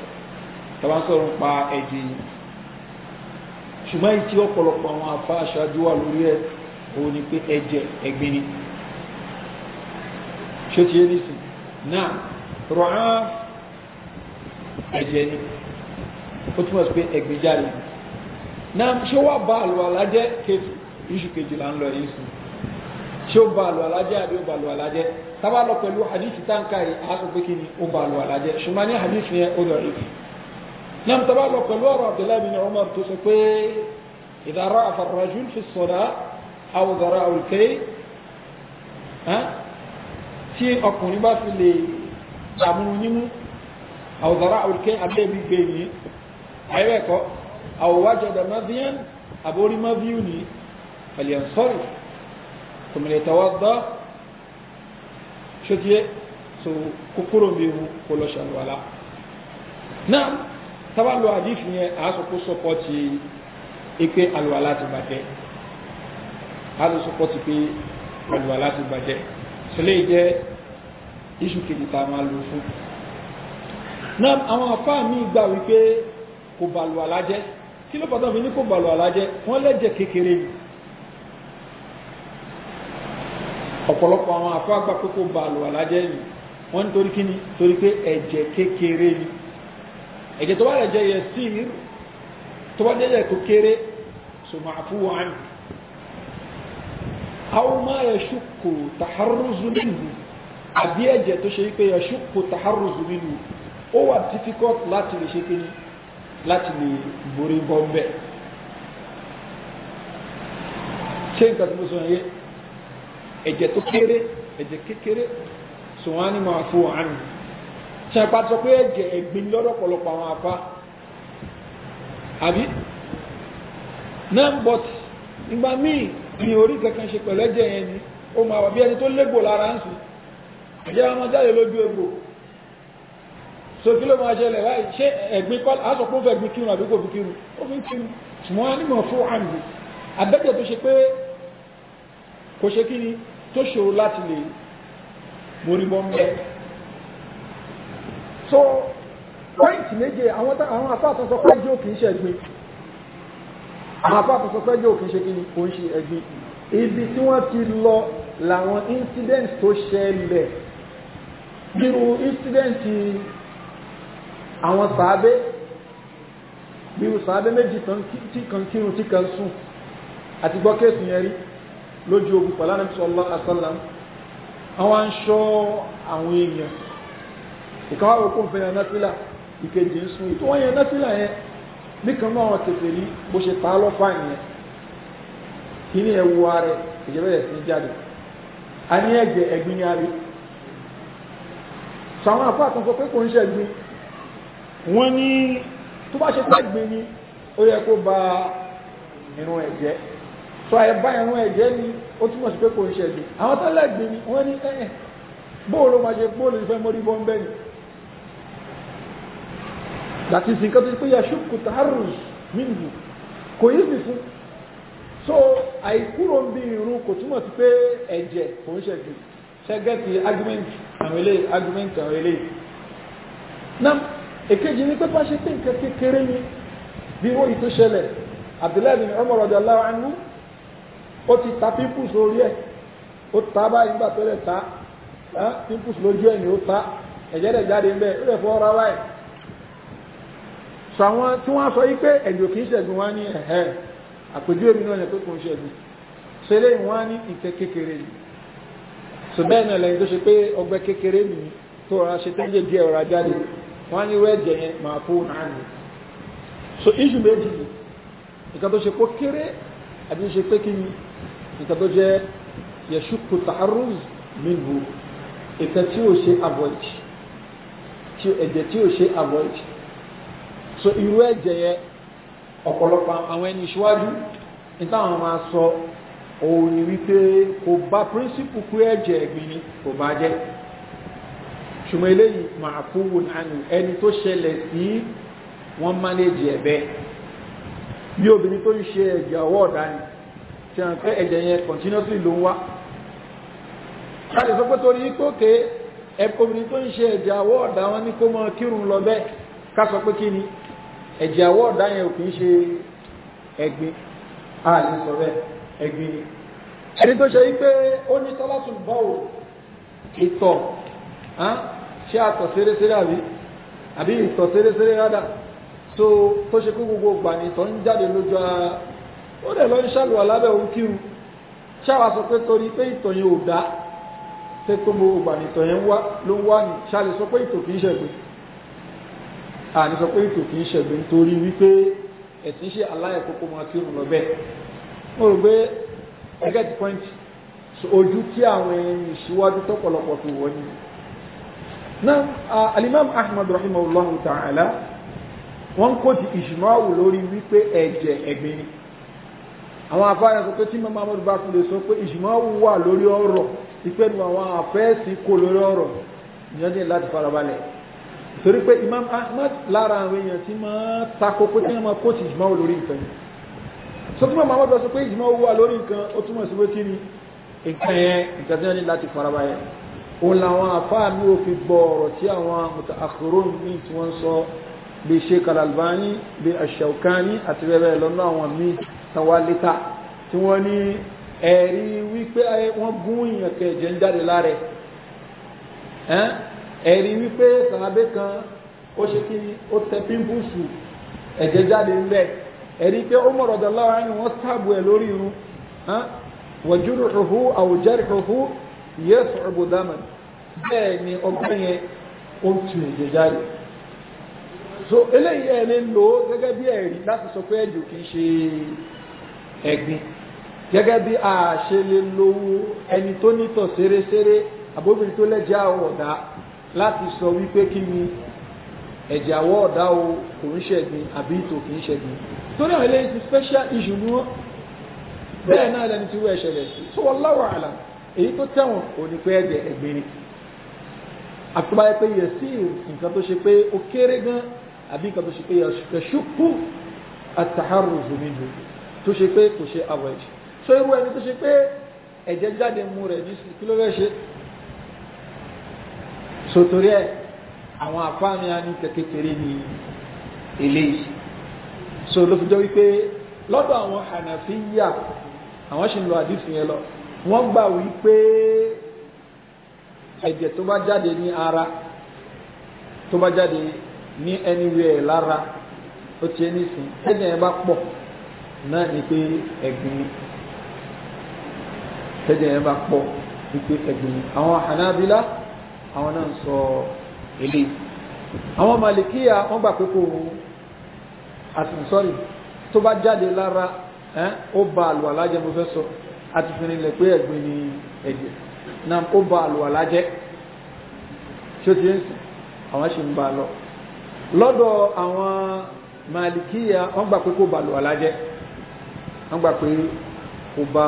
tàbá sọ̀rọ̀ ń pa ẹ̀jẹ̀ yìí ṣùgbọ́n ìtí ọ̀pọ̀lọpọ̀ àwọn afá aṣáájú wà lórí ẹ̀ òun ni pé ẹ̀jẹ̀ ẹ̀gbin ni ṣé ti yé nísìn náà rọ̀hán ẹ̀jẹ̀ ni ó túmọ̀ sí pé ẹ̀gbin jáde náà ṣé wàá ba àlùwàlá jẹ́ kejì iṣu kejì là ń lọ yìí sùn ṣé ó ba àlùwàlá jẹ́ àbí ó ba àlùwàlá jẹ́ tábà lọ pẹ̀lú hadith táǹkà yìí a pé kí ni ó ba àlùwàlá jẹ́ ṣùgbọ́n ní hadith yẹn ó lọ yìí نعم تبعلق بالورع عبد الله بن عمر تسقي إذا رأف الرجل في الصلاة أو ذراع الكي ها أه؟ تي أكون بس اللي تعملوا نمو àwòdàrà òrùké abẹ́bí gbé ní ayẹ́wẹ̀kọ́ àwòwájọ́dà mọ́bíyàn àbórí mọ́bíyù ní fàlíyànsọ́rì tòmìlẹ̀tàwọ́dọ́ ṣótíyẹ́ so kúkúrò bí ihu kó lọ ṣàlùwàlá náà tábàlù àdífì yẹn àásùkú sọpọ̀ ti ipe àlùwàlá ti bàjẹ́ àásùkú ti pé àlùwàlá ti bàjẹ́ sílé jẹ́ iṣu kejì tá a máa lò fún un
náà àwọn afá
mi gbà wípé kò bàlù àlájẹ́ kí ló pàtàkì mi ní kò bàlù àlájẹ́ wọ́n lẹ́jẹ̀ kékeré ni ọ̀pọ̀lọpọ̀ àwọn afá gbà pé kò bàlù àlájẹ́ ni wọ́n ń torí kíni torí pé ẹ̀jẹ̀ kékeré ni ẹ̀jẹ̀ tó bá lè jẹ́ yẹ sí tó bá jẹ́ yẹ kékeré so ma'fuwu anhu aw ma yashukku taharruzu minhu àbí ẹ̀jẹ̀ tó ṣe wípé yashukku taharruzu minhu ó wà difficult láti lè ṣe kíni láti lè borí bọ́m̀bẹ́ ṣé nǹkan tí mo sọ yẹ ẹ̀jẹ̀ tó kéré ẹ̀jẹ̀ kékeré sùnwọ́n á ní máa fún wa ṣe àpá pé ẹ̀jẹ̀ ẹ̀gbin lọ́dọ̀ pọ̀lọpọ̀ àwọn apá àbí náà ìgbà míì ní orí kankan ṣe pẹ̀lú ẹ̀jẹ̀ yẹn ni ó máa wà bí ẹni tó légbò lára ń sùn ẹ̀jẹ̀ wọn máa jáde lójú egbò so kí ló máa ṣẹlẹ̀ báyìí ṣé ẹ̀gbin kọ́ aṣọ kó fẹ́ gbin kírun àbí kò fi kírun ó fi ń kírun ṣùgbọ́n a nímọ̀ fún àmì àbẹ́jẹ̀ tó ṣe pé kò ṣe kí ni tó ṣòro láti lè borí bọ́ mẹ́ so pọ́ìntì méje àwọn afáàtàn sọ pé jẹ́ òkè ń ṣe ẹ̀gbin àwọn afáàtàn sọ pé jẹ́ òkè ń ṣe kí ni kò ń ṣe ẹ̀gbin ibi tí wọ́n ti lọ làwọn incident tó ṣẹlẹ̀ nínú incident àwọn sàábé bíru sàábé méjì tí kan kírun tí kan sùn àti gbọ́ kéèsì yẹn rí lójú ogun pẹ̀lú ànábì sallallahu alaihi wasallam àwọn ń ṣọ́ àwọn èèyàn ìkan wáwo fẹ́ yan násílà ìkejì ń sùn ìtò wọ́n yan násílà yẹn nìkan náà wọn tètè rí bó ṣe ta lọ́fà yẹn kí ni ẹwu ààrẹ ìjọba ẹ̀sìn jáde a ní ẹgbẹ́ ẹ̀gbin ni a rí sàwọn àpá àtúnṣe pé kò ń ṣẹ̀gbin wọ́n ní tó bá ṣe pẹ́ gbé ní ó yẹ kó ba irun tó àyè bá irun ẹ̀jẹ̀ ni ó túmọ̀ sí pé kò ń àwọn tẹ́lẹ̀ gbé ní wọ́n ní ẹ̀ẹ́ bóòlù máa ṣe bóòlù ìfẹ́ bọ́ ń bẹ́ ni láti pé yà ṣùkú tààrùs minhu kò yí fún so àìkúrò ń bí irun kò túmọ̀ sí pé ẹ̀jẹ̀ kò ń argument àwọn eléyìí argument àwọn eléyìí èkejì ni pé bá ṣe pé nǹkan kékeré ni bí wọ́n yìí tó ṣẹlẹ̀ Abdullahi bin Umar radiyallahu anhu ó ti ta pimples orí ẹ̀ ó ta báyìí nígbà tó lẹ̀ ta pimples lójú ẹ̀ ni ó ta ẹ̀jẹ̀ rẹ̀ jáde ń bẹ̀ ó lẹ̀ fọ́ ọ́ra wáyé sọ àwọn tí wọ́n sọ yìí pé ẹ̀jẹ̀ kì í ṣẹ̀gùn wá ní ẹ̀hẹ́ àpèjúwe mi náà yẹ pé kò ń ṣẹ̀gùn ṣẹlẹ̀ ìwọ́n á ní nǹkan kékeré ni ṣùgbọ́n ẹ̀ lẹ́yìn tó ṣe pé ọgbẹ́ kékeré nìyí tó rọra ṣe tó ń jẹ́ díẹ̀ ọ̀rá jáde wọ́n á ní irú ẹ̀jẹ̀ so issue méjì yìí tó ṣe pé kéré àti ṣe pé kí ni nǹkan tó jẹ́ yẹ̀ṣùkù tààrùn minhu tí ṣe e so irú ẹ̀jẹ̀ yẹn ọ̀pọ̀lọpọ̀ àwọn ẹni ìṣíwájú nítawọn máa sọ òun ni wípé kò bá príncipù kú ṣùgbọ́n eléyìí màáfúwò àní ẹni tó ṣẹlẹ̀ sí wọ́n mánéjì ẹ̀bẹ́ bí obìnrin tó ń ṣe ẹ̀jẹ̀ ọwọ́ ọ̀daràn tí a ń ẹ̀jẹ̀ yẹn continuously ló ń wá káàdì sọ pé torí kókè obìnrin tó ń ṣe ẹ̀jẹ̀ ọwọ́ ọ̀dà wọn ní kó mọ kírun lọ bẹ́ẹ̀ ká sọ pé kí ni ẹ̀jẹ̀ ọwọ́ ọ̀dà yẹn ò kì í ṣe ẹ̀gbin a lè sọ bẹ́ẹ̀ ẹ̀gbin ni ẹni tó ṣe yí pé ó ní tọ́lá tún bọ́ọ̀ ìtọ̀ ṣé àtọ̀ séréséré àbí àbí ìtọ̀ séréséré rádà so tó ṣe pé gbogbo ìgbà ni ìtọ̀ ń jáde lójú ara ó dẹ̀ lọ ń ṣàlùwà lábẹ́ òun kírun ṣáwa sọ pé torí pé ìtọ̀ yẹn ò dá pé tó mo ìgbà ni ìtọ̀ yẹn ló ń wá ni ṣáàlì sọ pé ìtọ̀ kì í ṣẹ̀gbẹ́ àní sọ pé ìtọ̀ kì í ṣẹ̀gbẹ́ nítorí wípé ẹ̀sìn ṣe aláìkókó máa kírun lọ bẹ́ẹ̀ mo rò pé ẹgẹ́ ti pọ́ìntì ojú tí àwọn ẹni ìṣíwájú tọ́pọ̀lọpọ̀ tó wọ́n ni náà alimam ahmad rahimahullahu ta'ala wọ́n kó ti ìṣùmáwò lórí wípé ẹ̀jẹ̀ ẹ̀gbin ni àwọn afáyà sọ pé tí mama amadu bá fi lè sọ pé ìṣùmáwò wà lórí ọ̀rọ̀ ìpẹ́nu àwọn afẹ́ẹ̀sì kò lórí ọ̀rọ̀ ìyẹn ní láti farabalẹ̀ torí pé imam ahmad lára àwọn èèyàn tí máa takò pé kí wọ́n máa kó ti ìṣùmáwò lórí nǹkan yìí sọ tí mama amadu bá sọ pé ìṣùmáwò wà lórí nǹkan ó túmọ̀ sí pé kí ni nǹkan yẹn nǹkan tí wọ́n ní láti farabalẹ̀ òun làwọn àfáà mi ò fi gbọ́ ọ̀rọ̀ tí àwọn mutaakhirun mi tí wọ́n sọ bí Sheikh Al-Albani bí Ash-Shawkani àti bẹ́ẹ̀ lọ́nà àwọn míì tán wá létà tí wọ́n ní ẹ̀rí wípé wọ́n gún ìyàn kẹjẹ ń jáde lára ẹ̀ ẹ̀rí wípé sàábé kan ó ṣe kí ó tẹ pímpùsù ẹ̀jẹ̀ jáde ńlẹ̀ ẹ̀rí pé ó mọ̀rọ̀ dọ̀láwà ni wọ́n sáàbù ẹ̀ lórí irun wọ̀júrùhù àwùjẹ́rìhù yẹ sọ̀rọ̀ dáàmà bẹ́ẹ̀ ni ọgbọ́n yẹn ó tu ẹ̀jẹ̀ jáde so eléyìí ẹni lò ó gẹ́gẹ́ bí ẹ̀rí láti sọ pé ẹ̀jọ̀ kì í ṣe ẹ̀gbin gẹ́gẹ́ bí a ṣe lè lówó ẹni tó nítọ̀ ṣeréṣeré àbóbìnrin tó lẹ́jẹ̀ àwọ̀ ọ̀dà láti sọ wípé kí ni ẹ̀jẹ̀ àwọ̀ ọ̀dà o kò ń ṣẹ̀gbin àbí ìtò kì í ṣẹ̀gbin torí àwọn eléyìí ti special issue ni wọ́n bẹ́ẹ̀ náà lẹni tí wọ́n ẹ̀ṣẹ̀lẹ̀ sí so wallahu a'lam èyí tó tẹ̀wọ̀n ò ní pé ẹ̀jẹ̀ ẹ̀gbin ni àtúbà yẹ pé yẹsí nǹkan tó ṣe pé ó kéré gan àbí nǹkan tó ṣe pé yẹsùkú àtàhárùzù nínú tó ṣe pé kò ṣe àwọ̀ ẹ̀jẹ̀ so irú ẹni tó ṣe pé ẹ̀jẹ̀ jáde mú rẹ̀ ní kí ló fẹ́ ṣe sotori ẹ̀ àwọn àfáàmì àní kékeré ni eléyìí so ló fi jọ wípé lọ́dọ̀ àwọn Hànàfíyà àwọn ṣì ń lo àdìsí yẹn lọ wọ́n gbà wípé ẹ̀jẹ̀ tó bá jáde ní ara tó bá jáde ní anywhere lára ó ti ẹni sùn ẹ̀jẹ̀ yẹn bá pọ̀ náà ni pé ẹ̀gbin ẹ̀jẹ̀ yẹn bá pọ̀ ni pé ẹ̀gbin àwọn Hanabila àwọn náà ń sọ eléyìí àwọn Malikiya wọ́n gbà pé kò àtúnṣọ́rì tó bá jáde lára ó ba àlùwàlá mo fẹ́ sọ. So. àti fi rinlẹ̀ pé ẹ̀gbin ni ẹ̀jẹ̀ náà ó ba àlùwàlá jẹ́ ṣé ti ń sìn àwọn ṣì ń ba lọ lọ́dọ̀ àwọn màlìkíyà wọ́n gbà pé kò ba àlùwàlá jẹ́ wọ́n gbà pé kò ba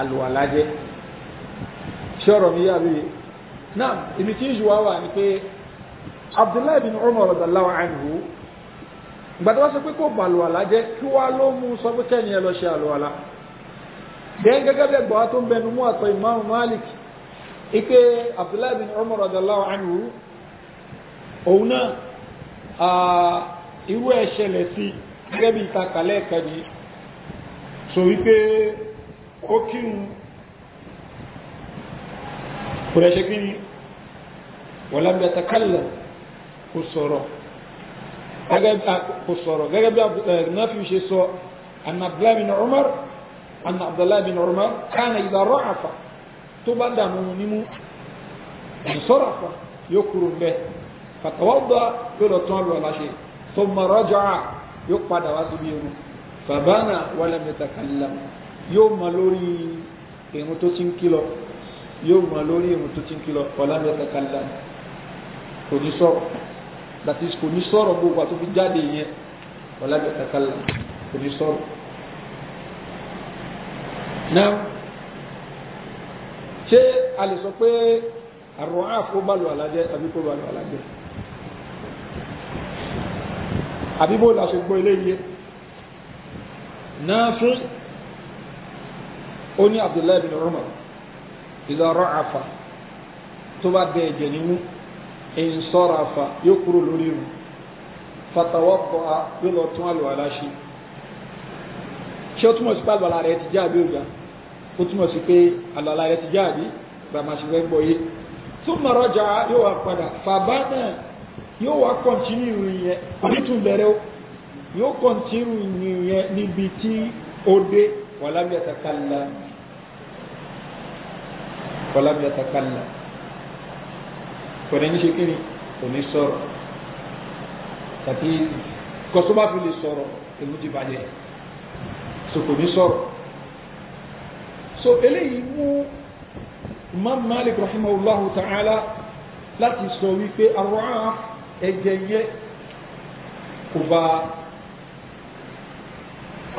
àlùwàlá jẹ́ ọ̀rọ̀ mi bíi náà tí ń wà pé Abdullahi bin Umar radallahu anhu gbàdúrà sọ pé kò ba àlùwàlá jẹ́ kí wàá ló mú sọ pé dẹ́n gẹ́gẹ́ bẹ́ẹ̀ gbọ́ tó ń bẹnu mú àtọ̀ ìmáàmù Malik ike Abdullahi bin Umar radallahu anhu òun náà irú ẹ̀ ṣẹlẹ̀ sí gẹ́gẹ́ bí ìtakàlẹ̀ kẹbi so wípé ó kírun kò rẹ̀ ṣe kí ni walam yatakallam kò sọ̀rọ̀ gẹ́gẹ́ bí Nafi ṣe sọ anabdulamin Umar أن عبد الله بن عمر كان إذا رعف تبدا مؤمن انصرف يكرم به فتوضأ يلطم ولا شيء ثم رجع يقعد واسبيه فبنى ولم يتكلم يوم لوري irun tó ti ń kí lọ yóò mọ lórí irun tó ti ń kí lọ ọ̀làmì ẹ̀kẹ́kẹ́lá kò ní sọ̀rọ̀ that is kò ní sọ̀rọ̀ gbogbo àti fi jáde yẹn ọ̀làmì ẹ̀kẹ́kẹ́lá kò ní sọ̀rọ̀ náà ṣé a lè sọ pé àrùn àfọ bá lu àlàjẹ àbí kò bá lu àlàjẹ àbí bó la ṣe gbọ́ eléyìí náà fún ó ní Abdullahi bin Umar ìdá ọ̀rọ̀ àfà tó bá dẹ ẹ̀jẹ̀ nímú ẹ̀yìn sọ́ra àfà yóò kúrò lórí rùn fatawọ́pọ̀ a yóò lọ tún àlùwàlá ṣe ṣé ó túmọ̀ sí pàlùwàlá rẹ̀ ti jẹ́ àbí òjá ó túmọ̀ sí pé àlàlà rẹ ti já àbí ramasi fẹ́ gbọ́ yé tó mọ̀rọ̀ jà yóò wá padà fàbá náà yóò wá kọ̀ntínú ìrìn yẹn onítùn bẹ̀rẹ̀ o yóò kọ̀ntínú ìrìn yẹn níbi tí ó dé wàlámìyàtàkàlà wàlámìyàtàkàlà kò ní ṣe kí ni sọ̀rọ̀ tàbí kọ́sọ́bà fi lè sọ̀rọ̀ èmi ti bàjẹ́ so ní sọ̀rọ̀ so eléyìí mú imam malik rahimahullahu ta'ala láti sọ wípé arọ́á ẹ̀jẹ̀ yẹ kò bá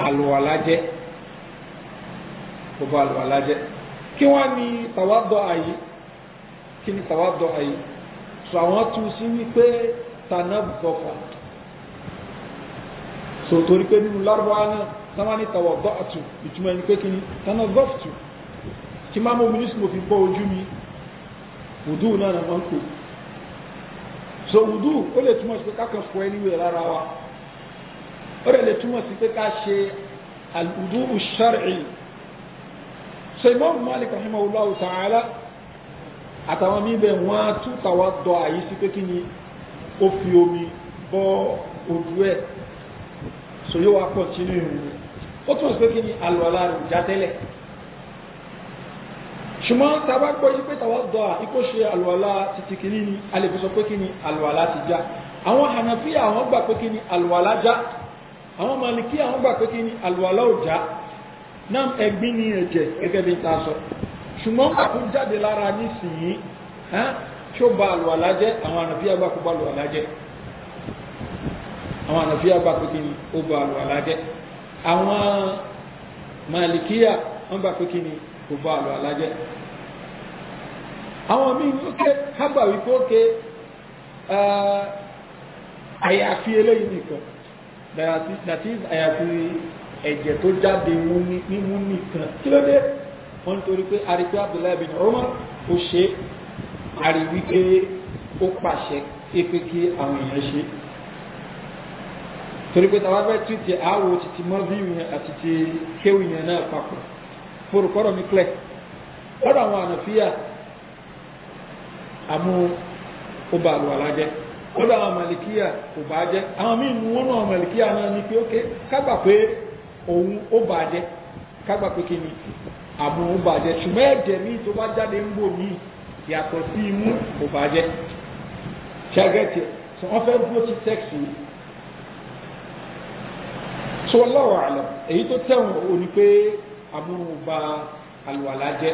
àlùwàlá jẹ́ kò bá àlùwàlá jẹ́ kí wọ́n ní tàwádọ́ àyè kí ni tàwádọ́ àyè so àwọn tún sí wípé tànà bọ̀fà so torí pé nínú lárúbáwá náà sáwọn ní tọwọ́ dọ́ọ̀tù ìtumọ̀ ẹni pé kíní tánà gọ́ọ̀tù kí máa mú mínísì mo fi bọ́ ojú mi wùdú náà nà máa ń pè so wùdú ó lè túmọ̀ sí pé ká kàn fọ ẹni wẹ̀ rárá wa ó lè lè túmọ̀ sí pé ká ṣe alùdú ṣar'i so Imam Malik rahimahullahu ta'ala àtàwọn míbẹ̀ wọ́n á tún tàwa dọ àyè sí pé kíní ó fi omi bọ́ ojú ẹ̀ so yóò wá pọ̀ sínú ìrìn ó tún pé kí ni àlùwàlá rẹ̀ já tẹ́lẹ̀ ṣùgbọ́n tàbá gbọ́ yí pé tàwa dọ̀ ikó ṣe àlùwàlá títí kìíní ni a lè fi sọ pé kí ni àlùwàlá ti já àwọn Hànàfíà àwọn gbà pé kí ni àlùwàlá já àwọn Màlìkí àwọn gbà pé kí ni ò já náà ẹ̀gbin ni ẹ̀jẹ̀ gẹ́gẹ́ bí ta sọ ṣùgbọ́n kò jáde lára nísìnyí tí ó ba àlùwàlá jẹ́ àwọn Hànàfíà gbà kó ba àlùwàlá jẹ́ àwọn Hànàfíà gbà pé kí ó ba àlùwàlá jẹ́ àwọn màlìkíyà wọ́n gbà pé kí ni kò bá àlọ́ alájẹ́ àwọn míì ó ké hábà wípé ó ké àyàfi eléyìí nìkan that is àyàfi ẹ̀jẹ̀ tó jáde nímú nìkan kí ló dé wọ́n torí pé arikpe abdullahi bin Umar ó ṣe àríwí pé ó pàṣẹ pé kí àwọn èèyàn ṣe é torí pé tàbá fẹ́ tìrìtì àwò títí mọ́síwì yẹn àti ti kéwì yẹn náà papọ̀ forúkọ́rọ̀ mi clear lọ́dọ̀ àwọn ànàfíà àmú ọba àlùwàlá jẹ́ lọ́dọ̀ àwọn màlìkíà kò bá jẹ́ àwọn míì mú wọn náà màlìkíà náà ní pé ókè kágbà pé òun ó bà kágbà pé kí ni àmú ó bà ṣùgbọ́n ẹ̀jẹ̀ míì tó bá jáde ń bò míì yàtọ̀ sí imú kò bá ṣàgẹ́tì wọ́n fẹ́ dúró ti tẹ́kì yìí so wallahu a'lam èyí tó tẹ̀wọ̀n ò ní pé aburú ba àlùwàlá jẹ́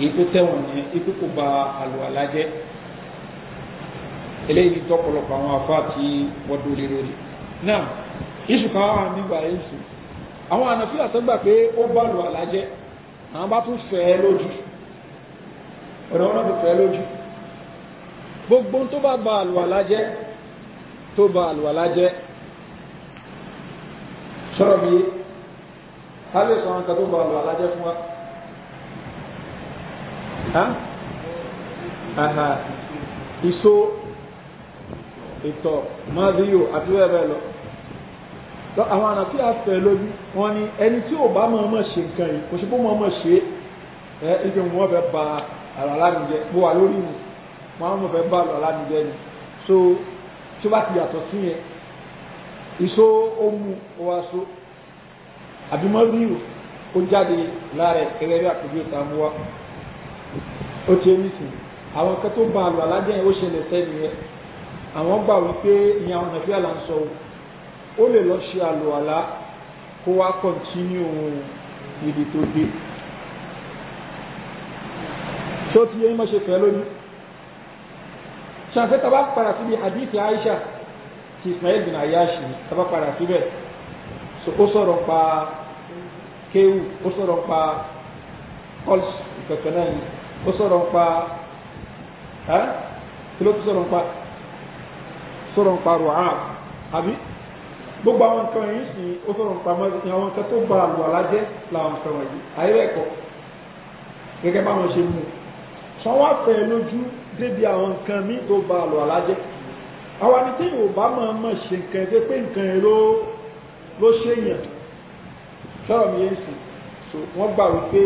èyí tó tẹ̀wọ̀n yẹn ikú kò ba àlùwàlá jẹ́ eléyìí tọ́pọ̀lọpọ̀ àwọn afá tí wọ́n dúró lé lórí náà iṣu kan wà nígbà yéṣu àwọn ànàfíà tó gbà pé ó bá àlùwàlá jẹ́ àwọn bá tún fẹ́ lójú
ọ̀rọ̀ wọn tún fẹ́ lójú
gbogbo tó bá ba àlùwàlá jẹ́ tó ba àlùwàlá jẹ́ sọ̀rọ̀ mi a lè sọ àwọn kan tó ń bọ̀ lọ alájẹ́ fún wa. ìso ìtọ̀ mọ́díyò àti bẹ́ẹ̀ bẹ́ẹ̀ lọ àwọn àna tí a fẹ́ lójú wọn ni ẹni tí ò bá mọ̀ ọmọ ṣe nǹkan yìí kò ṣe bó mọ̀ ọmọ ṣe é ibi wọn fẹ́ ba àlọ́ alámìjẹ bó wà lórí mi wọn fẹ́ ba àlọ́ alámìjẹ ni so tí ó bá ti yàtọ̀ sí yẹn Iso omu owaso so àbímọ́bíyù lare jáde lára ẹ̀kẹ́lẹ́ bí àpèjì ìta mú wa ó ti ẹni sìn àwọn kan tó ba wípé ìyẹn àwọn nàìjíríà là ń sọ o ó lè lọ ṣe àlọ́ àlá kó wá kọ́ntínú ibi tó dé tó ti yẹn má ṣe pẹ́ lónìí ṣàǹfẹ́ tá padà síbi àdìsí Aisha ti ismail bin ayashi taba padà síbẹ̀ so ó sọ̀rọ̀ pa kéwù ó sọ̀rọ̀ pa kọ́ls ìkẹ̀kẹ̀ náà ni ó sọ̀rọ̀ pa ẹ́ kí ló ti sọ̀rọ̀ pa sọ̀rọ̀ pa ruhab àbí gbogbo àwọn nǹkan yìí sì ó sọ̀rọ̀ pa àwọn nǹkan tó ba àlù alájẹ́ làwọn nǹkan wọ̀nyí àyẹ̀wẹ̀kọ̀ gẹ́gẹ́ báwọn ṣe mú sọ wá fẹ́ lójú débi àwọn nǹkan míì tó ba àlù alájẹ́ àwọn ẹni tí yóò bá máa mọ̀ ṣe nǹkan ẹgbẹ́ pé nǹkan ẹ̀ ló ṣèyàn sọ̀rọ̀ mi yẹn sì so wọ́n gbà wípé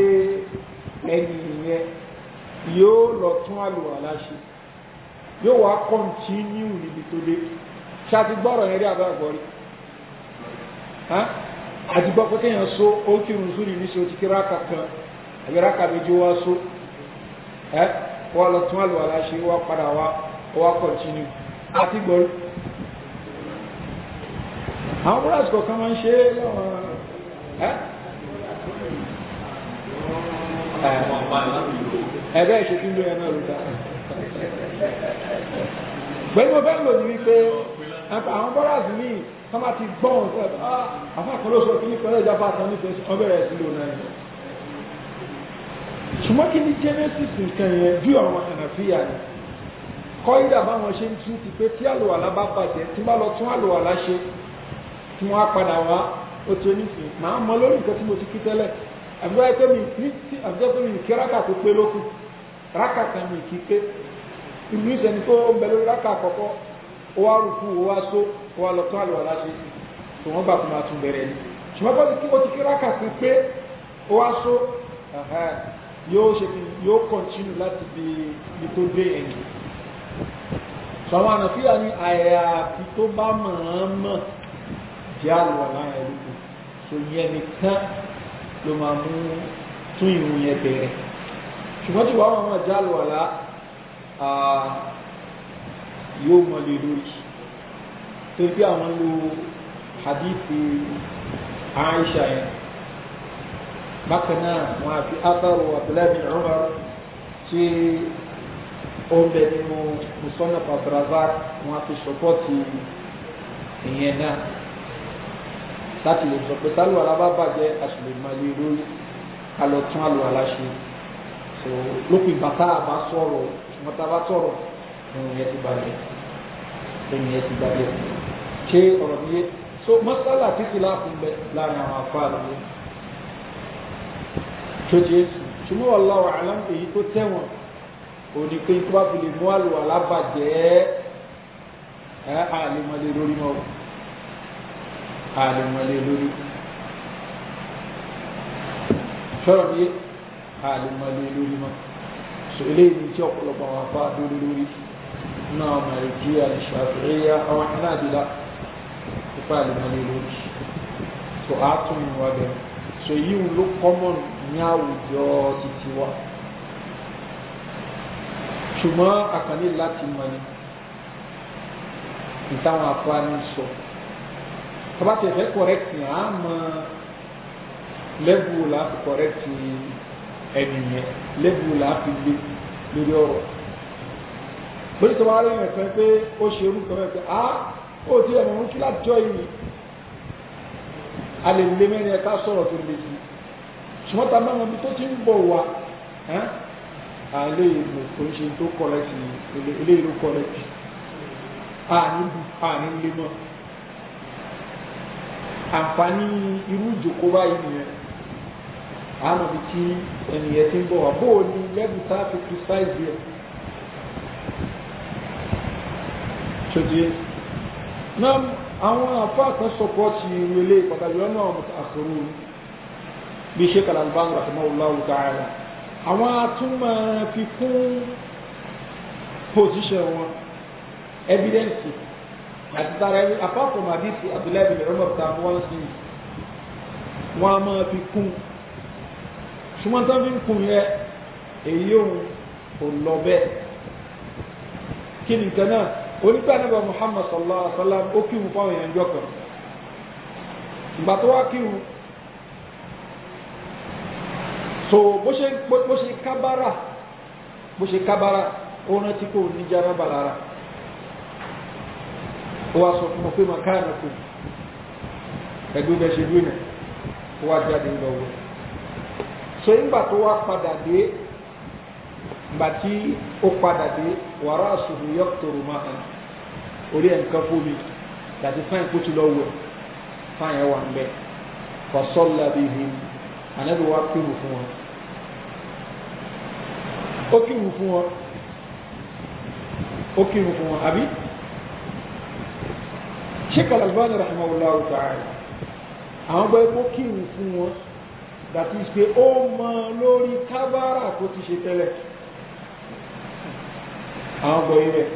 ẹni ìyẹn yóò lọ tún àlùwàlá ṣe yóò wá kọ́ńtínú níbi tó dé ṣé a ti gbọ́rọ̀ yẹn rí àbá àgbọ̀rí àti gbọ́ pé kéèyàn so ó kírun sórí ní so ti kí ráka kan àbí ráka méjì wá so wọ́n lọ tún àlùwàlá ṣe wọ́n padà wá wọ́n kọ́ńtínú àti gbọ́rú àwọn búrásì kọ̀ọ̀kan máa ń ṣe láwọn ẹ́
ẹ̀bẹ́ ìṣe tí ń lóyún náà ló dá
pẹ̀lú mo fẹ́ lò ní wípé àwọn búrásì míì tó máa ti gbọ́n sí ah, àfa kan ló sọ kí ní pẹ̀lú ìjábá àtàn nífẹ̀ẹ́ ọbẹ̀ rẹ̀ sí lò náà ṣùgbọ́n kí ni genesis nǹkan yẹn ju àwọn ànàfíà ni kọ́ídà báwọn ṣe ń tún ti pé tí àlùwàlá bá bàjẹ́ tí bá lọ tún àlùwàlá ṣe tí wọ́n á padà wá ó ti onífin màá mọ lórí nǹkan tí mo ti kí tẹ́lẹ̀ àbúrò pé mi ní tí àbúrò pé mi kí rákà tó pé lókù rákà kan mi kí pé ìlú ìsẹ̀ni tó ń bẹ lórí rákà àkọ́kọ́ ó wá rùkú ó wá só ó wá lọ tún àlùwàlá ṣe tó wọ́n bá tún máa tún bẹ̀rẹ̀ ni ṣùgbọ́n ó ti kí rákà kan pé ó wá só yóò ṣe yóò kọ̀ntínú láti bí ibi tó dé ẹ̀yìn sọ̀wọ́n ànàfíà ní àyàfi tó bá mọ̀ọ́mọ̀ jẹ́ àlùwàlá yẹn lóko tó yẹ nìkan ló máa mú tún ìrun yẹn bẹ̀rẹ̀ ṣùgbọ́n tí wàá mọ̀ọ́mọ̀ jẹ́ àlùwàlá yóò mọ̀ lè lórí tó bí àwọn lo hadithi Aisha yẹn bákan náà wọn àfi ábàrò Abdullahi bin Umar ṣe ó ń bẹ nínú musonna pàtàkì wọn á fi sọpọ́tì ìyẹn náà láti lè sọ pé sálùwàlá bá bàjẹ́ àṣìlè lórí ká lọ tún so lópin bàtà àbá sọ̀rọ̀ bàtà bá sọ̀rọ̀ ìrìn yẹn ti bàjẹ́ ìrìn yẹn ti bàjẹ́ ṣé ọ̀rọ̀ mi yé so mọ́sálà títí láàfin bẹ láàrin àwọn afá àlùyé tó ti yé sùn ṣùgbọ́n ọ̀la wàhálà èyí tó tẹ̀wọ̀n òní pé tó bá fi lè mú àlùwà lábàjẹ́ ẹ àlèmọlé lórí mọ́ àlèmọlé lórí sọ̀rọ̀ bí àlèmọlé lórí mọ́ sọ eléyìí tí ọ̀pọ̀lọpọ̀ àwọn afá lórí lórí náà Màlíkíyà Ṣàfi'íyà àwọn Hanàbílà nípa àlèmọlé lórí sọ àátùn ìwà bẹ̀rẹ̀ sọ yíwù ló kọ́mọ̀nù ní àwùjọ títí wa. So, ṣùgbọ́n àkànní láti mọ ni ìtàwọn afáàní sọ tọ́ba tẹ̀ fẹ́ kọ̀rẹ́tì à á mọ lẹ́bù láti kọ̀rẹ́tì ẹnìyẹn lẹ́bù láti gbé lórí ọ̀rọ̀ lórí tọ́ba rẹ̀ yẹn fẹ́ pé ó ṣe orúkọ rẹ̀ pé ah ó ti ẹ̀ mọ̀ mú kí láti jọ ìwé a lè lé mẹ́rin ẹ̀ká sọ̀rọ̀ tó lè fi ṣùgbọ́n tá a máa mọ ibi tó ti ń bọ̀ wá ilé ah, ìlú kò ń ṣe tó kọrẹ́tì ilé ìlú kọrẹ́tì àní lè mọ́ àǹfààní irú ìjòkó báyìí nìyẹn àánú bí tí ẹnìyẹn ti ń bọ̀ wá bóò ni lẹ́bùn tá a fi criticize yẹ ṣòdìyẹ náà àwọn afọ àkọsọpọ ti wọlé pàtàkì lọ́nà àkọrò bí Sheikh Al-Albani rahimahullahu àwọn atúmọ̀ fi kún position wọn evidence àti tara ẹni apart from àdìsí Abdullahi bin Umar ta wọn sí wọn a máa fi kún ṣùgbọ́n tó fi ń kún yẹ èyí òun kò lọ bẹ́ẹ̀ kí ni nǹkan náà onípa nígbà Muhammad sallallahu alaihi wa sallam ó kírun fáwọn èèyàn jọ kan ìgbà tó wá kírun. so bó ṣe bó ṣe kábàrà bó ṣe kábàrà ó rántí kò ní jaraba lára ó wá sọ fún pé ẹgbẹ́ bẹ́ẹ̀ so nígbà tó wá padà dé tí ó padà dé wàrà àsùnwó yọ̀tòrò máa hàn orí ẹ̀ nǹkan fún mi dàbí fáyìn kó ti lọ wọ̀ fáyìn wà ń bẹ̀ ó kírun fún wọn ó fún wọn àbí Sheikh Al-Albani rahimahullah ta'ala àwọn gbọ́ epo kírun fún wọn that is pé ó mọ lórí kábàárà tó ti ṣe tẹ́lẹ̀ àwọn gbọ́ ibẹ̀.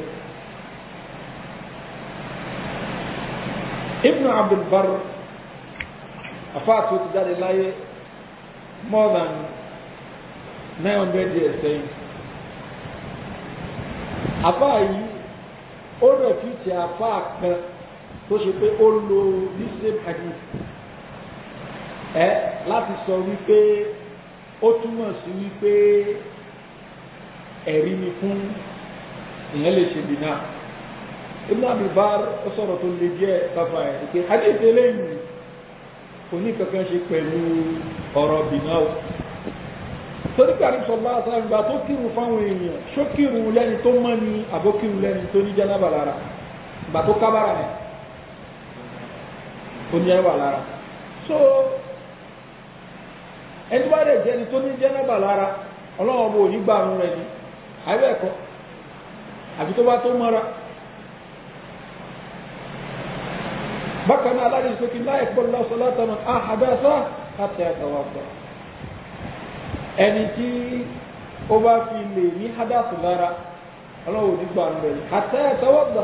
Ibn Abdul Barr ti jáde láyé more than nine hundred years sẹ́yìn àfá yìí ó rẹ̀ fi ti àfá kan tó ṣe pé ó lo the same hadith ẹ láti sọ wípé ó túmọ̀ sí wípé ẹ̀rí ni fún ìyẹn lè ṣe bì náà ibùdó àbíbár ó sọ̀rọ̀ tó le díẹ̀ bàbá ẹ̀ pé hadith eléyìí kò ní kankan ṣe pẹ̀lú ọ̀rọ̀ bì náà torí pé àríṣọ bá sára ìgbà tó kírun fáwọn èèyàn ṣó kírun lẹ́ni tó mọ́ ni àbó kírun lẹ́ni tó ní jánábà lára ìgbà tó kábàrà rẹ̀ ó ní ẹwà lára so ẹni bá rẹ̀ jẹ́ni tó ní jánábà lára ọlọ́run bò ní gbàrún rẹ̀ ni àbẹ́ẹ̀kọ́ àfi tó bá tó mọ́ra bákan náà aláàdìsókè láì pọ̀ lọ́sọ̀lá tọ́nà àhàdá sọ́ àti àtàwọn àpọ̀ ẹni tí ó bá fi lè ní hádàsù lára ọlọ́wọ́ nígbà ń bẹ̀rẹ̀ àtẹ́ ẹ̀tọ́wọ́gbà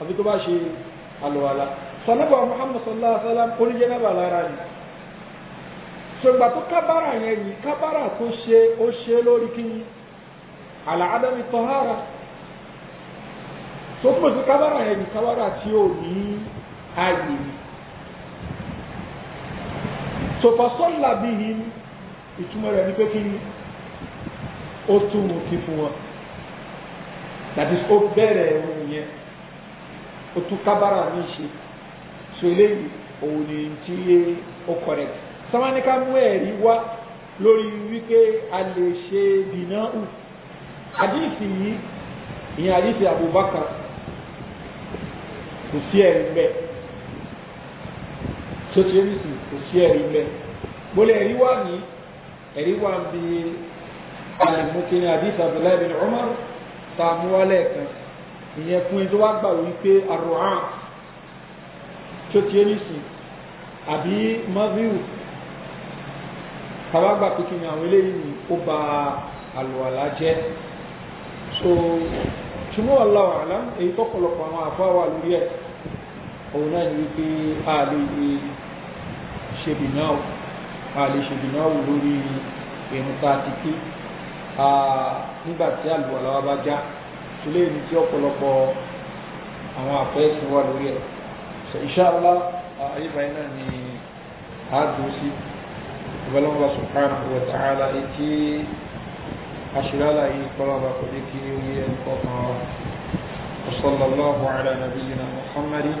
àbí tó bá ṣe àlùwàlá sọ̀nàbà Muhammad sallallahu alaihi wasallam oníjẹ́ náà lára ni sọgbà tó kábàrà yẹn yìí kábàrà tó ṣe ó ṣe lórí kí àlàádámi tọ́hárà tó kábàrà yẹn kábàrà tí ò ní ààyè ni ìtumọ̀ rẹ̀ ní pé kí ni ó tún mú kí fún wọn tàbí ó bẹ̀rẹ̀ ohun yẹn ó tún kábàrà ní ṣe so eléyìí òun ni tí ó correct sáwáníká mú ẹ̀rí wá lórí wípé a lè ṣe dìnnà hù àdìsí yìí ìyẹn àdìsí Abubakar kò sí ẹ̀rí mbẹ́ tó kò sí ẹ̀rí mbẹ́ gbọ́lẹ̀ ẹ̀rí wá nìyí ẹ̀rí wà ń bi àìmọ̀kìnì àdìsí abdullahi bin umar tá a mú wálẹ̀ kan ìyẹn fún ẹni tó wá gbà wípé àrùn tó ti ẹni sìn àbí mọ́víù táwa gbà pé kìnìún àwọn eléyìí ó ba àlùwàlá jẹ́ so ṣùgbọ́n wallahu a'lam èyí tó àwọn àfáà wà lórí ẹ̀ òun náà ni wípé a lè ṣe bì náà a lè ṣe jùmọ̀ wò lórí irun tá a ti kí nígbà tí àlùwàlá wa bá já sílé ní tí ọ̀pọ̀lọpọ̀ àwọn àfẹ́sìn wà lórí ẹ̀ inshallah ayébáyé náà ni a dùn sí ìbálòmọ́ba subhanahu wa ta'ala etí aṣíláàlá yìí kọ́lọ́ba kò ní kí ó yẹ ẹnì kọ̀ọ̀kan wa sallallahu ala nabiyyina muhammadin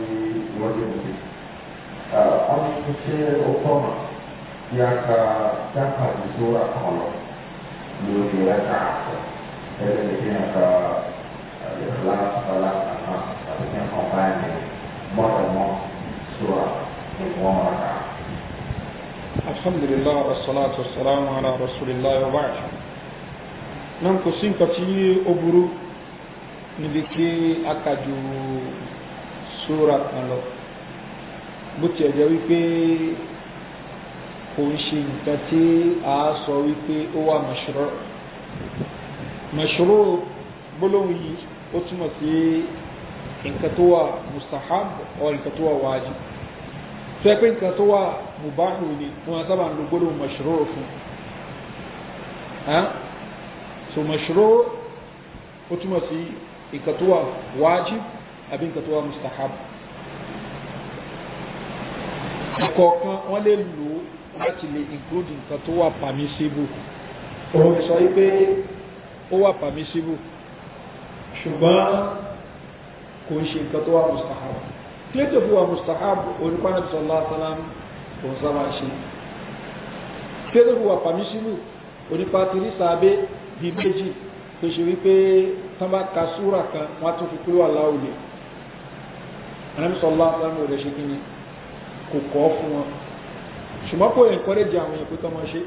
wajibiti an ṣe o kọma ya ka dafa ni sora kọlọ lórí rẹ ka fọ ẹdẹ ni kina ka ìfila fila kama a bẹ kẹ kọba ni mọdọmọ sora ni mọra ka.
alhamdulilah wa salatu wa salamu ala rasulillah wa baad nan kò súra kan lọ bó tiẹ̀ jẹ́ wípé kò ń ṣe nǹkan tí a sọ wípé ó wà mashru mashru gbólóhùn yìí ó túmọ̀ sí nǹkan tó wà mustahab ọ̀ nǹkan tó wà wájib tó yẹ pé nǹkan tó wà mubahu ni wọn sábà ń lo gbólóhùn mashru fún so mashru ó túmọ̀ sí nǹkan tó wà wájib àbí nǹkan tó wà mustahab ẹ̀kọ̀ọ̀kan wọ́n lè lò ó láti lè include nǹkan tó wà permissible
òun sọ wípé
ó wà permissible ṣùgbọ́n kò ń ṣe nǹkan tó wà mustahab kí ló tó fi wà mustahab onípàdé sọlá kò ń sábà ṣe kí ló tó fi wà permissible sàbẹ bíi méjì tó ṣe wípé tán ka súra kan wọ́n á tún fi kúrò aláwòlẹ̀ anamisọ́lá pẹ̀lú rẹ̀ ṣe kí ni kò kọ́ fún wọn ṣùgbọ́n kò encourage àwọn èèyàn pé kọ́ máa ṣe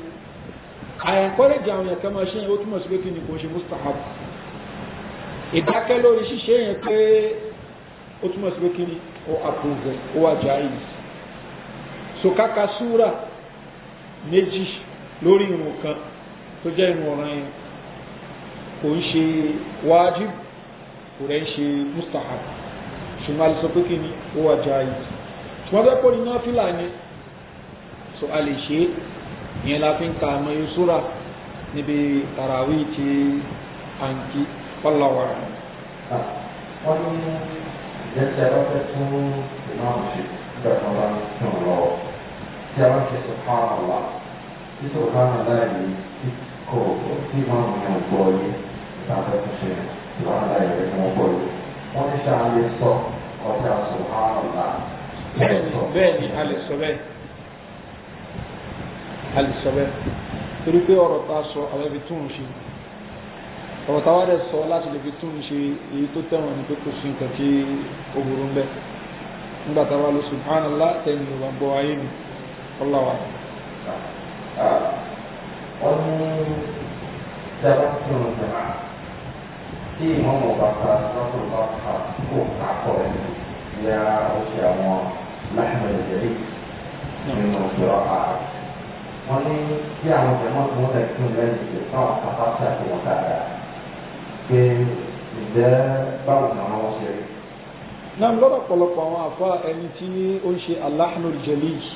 àyà encourage àwọn èèyàn kọ́ máa ṣe yẹn ó túmọ̀ sí pé kí ni kò ń ṣe mustahab ìdákẹ́ lórí ṣíṣe yẹn pé ó túmọ̀ sí irun kan tó jẹ́ irun ọ̀ràn yẹn kò ń ṣe wájib kò rẹ̀ ń ṣe mustahab ṣùgbọ́n a lè sọ pé kí ni ó wà já yìí ṣùgbọ́n bẹ́ẹ̀ kó ni náfìlà ni so a lè ṣe ìyẹn la fi ń ka àmọ́ yóò sóra níbi tàràwí ti àǹkí pọ́láwà.
Ah, wọ́n ní ìjẹ́sẹ̀ bá fẹ́ tún ìmáàmù ṣe nígbà tí wọ́n bá ń sùn lọ tí a bá ń ṣe sọ̀kánàlá tí kò tí ìmáàmù yẹn gbọ́ yìí tí ṣe sọ̀kánàlá yìí tí wọ́n gbọ́ yìí wọ́n ti ṣe àyè sọ ọ̀pẹ́ àṣùhánàlá. bẹ́ẹ̀ni
a lè sọ bẹ́ẹ̀ a lè sọ bẹ́ẹ̀ torí pé ọ̀rọ̀ ta sọ àwọn ibi tún un ṣe ọ̀rọ̀ ta wá dẹ̀ sọ láti lè fi tún un ṣe èyí tó tẹ̀wọ̀n ní pé kò sí nǹkan tí ó burú bẹ nígbà tá a wá lọ subhanallah tẹ̀yìn ló bá gbọ́ ayé mi ọláwa.
wọ́n ní sábà tún un sábà tí ìmọ̀mọ̀ bàtà lọ́sọ̀ bá fà kó kakọ̀ ẹ̀ ya ó ṣe àwọn láìpẹ́ ìjẹ́lì nínú ìjọ ààrẹ. wọ́n ní bí àwọn jẹ̀mọ́ tí wọ́n tẹ̀sí lẹ́yìn ìjẹ́ náà pápá sí àtìwọ́n dáadáa pé ìjẹ́ báwo ni àwọn ṣe rí.
náà lọ́dọ̀ pọ̀lọpọ̀ àwọn àfa ẹni tí ó ń ṣe aláhùn ìjẹ́lì yìí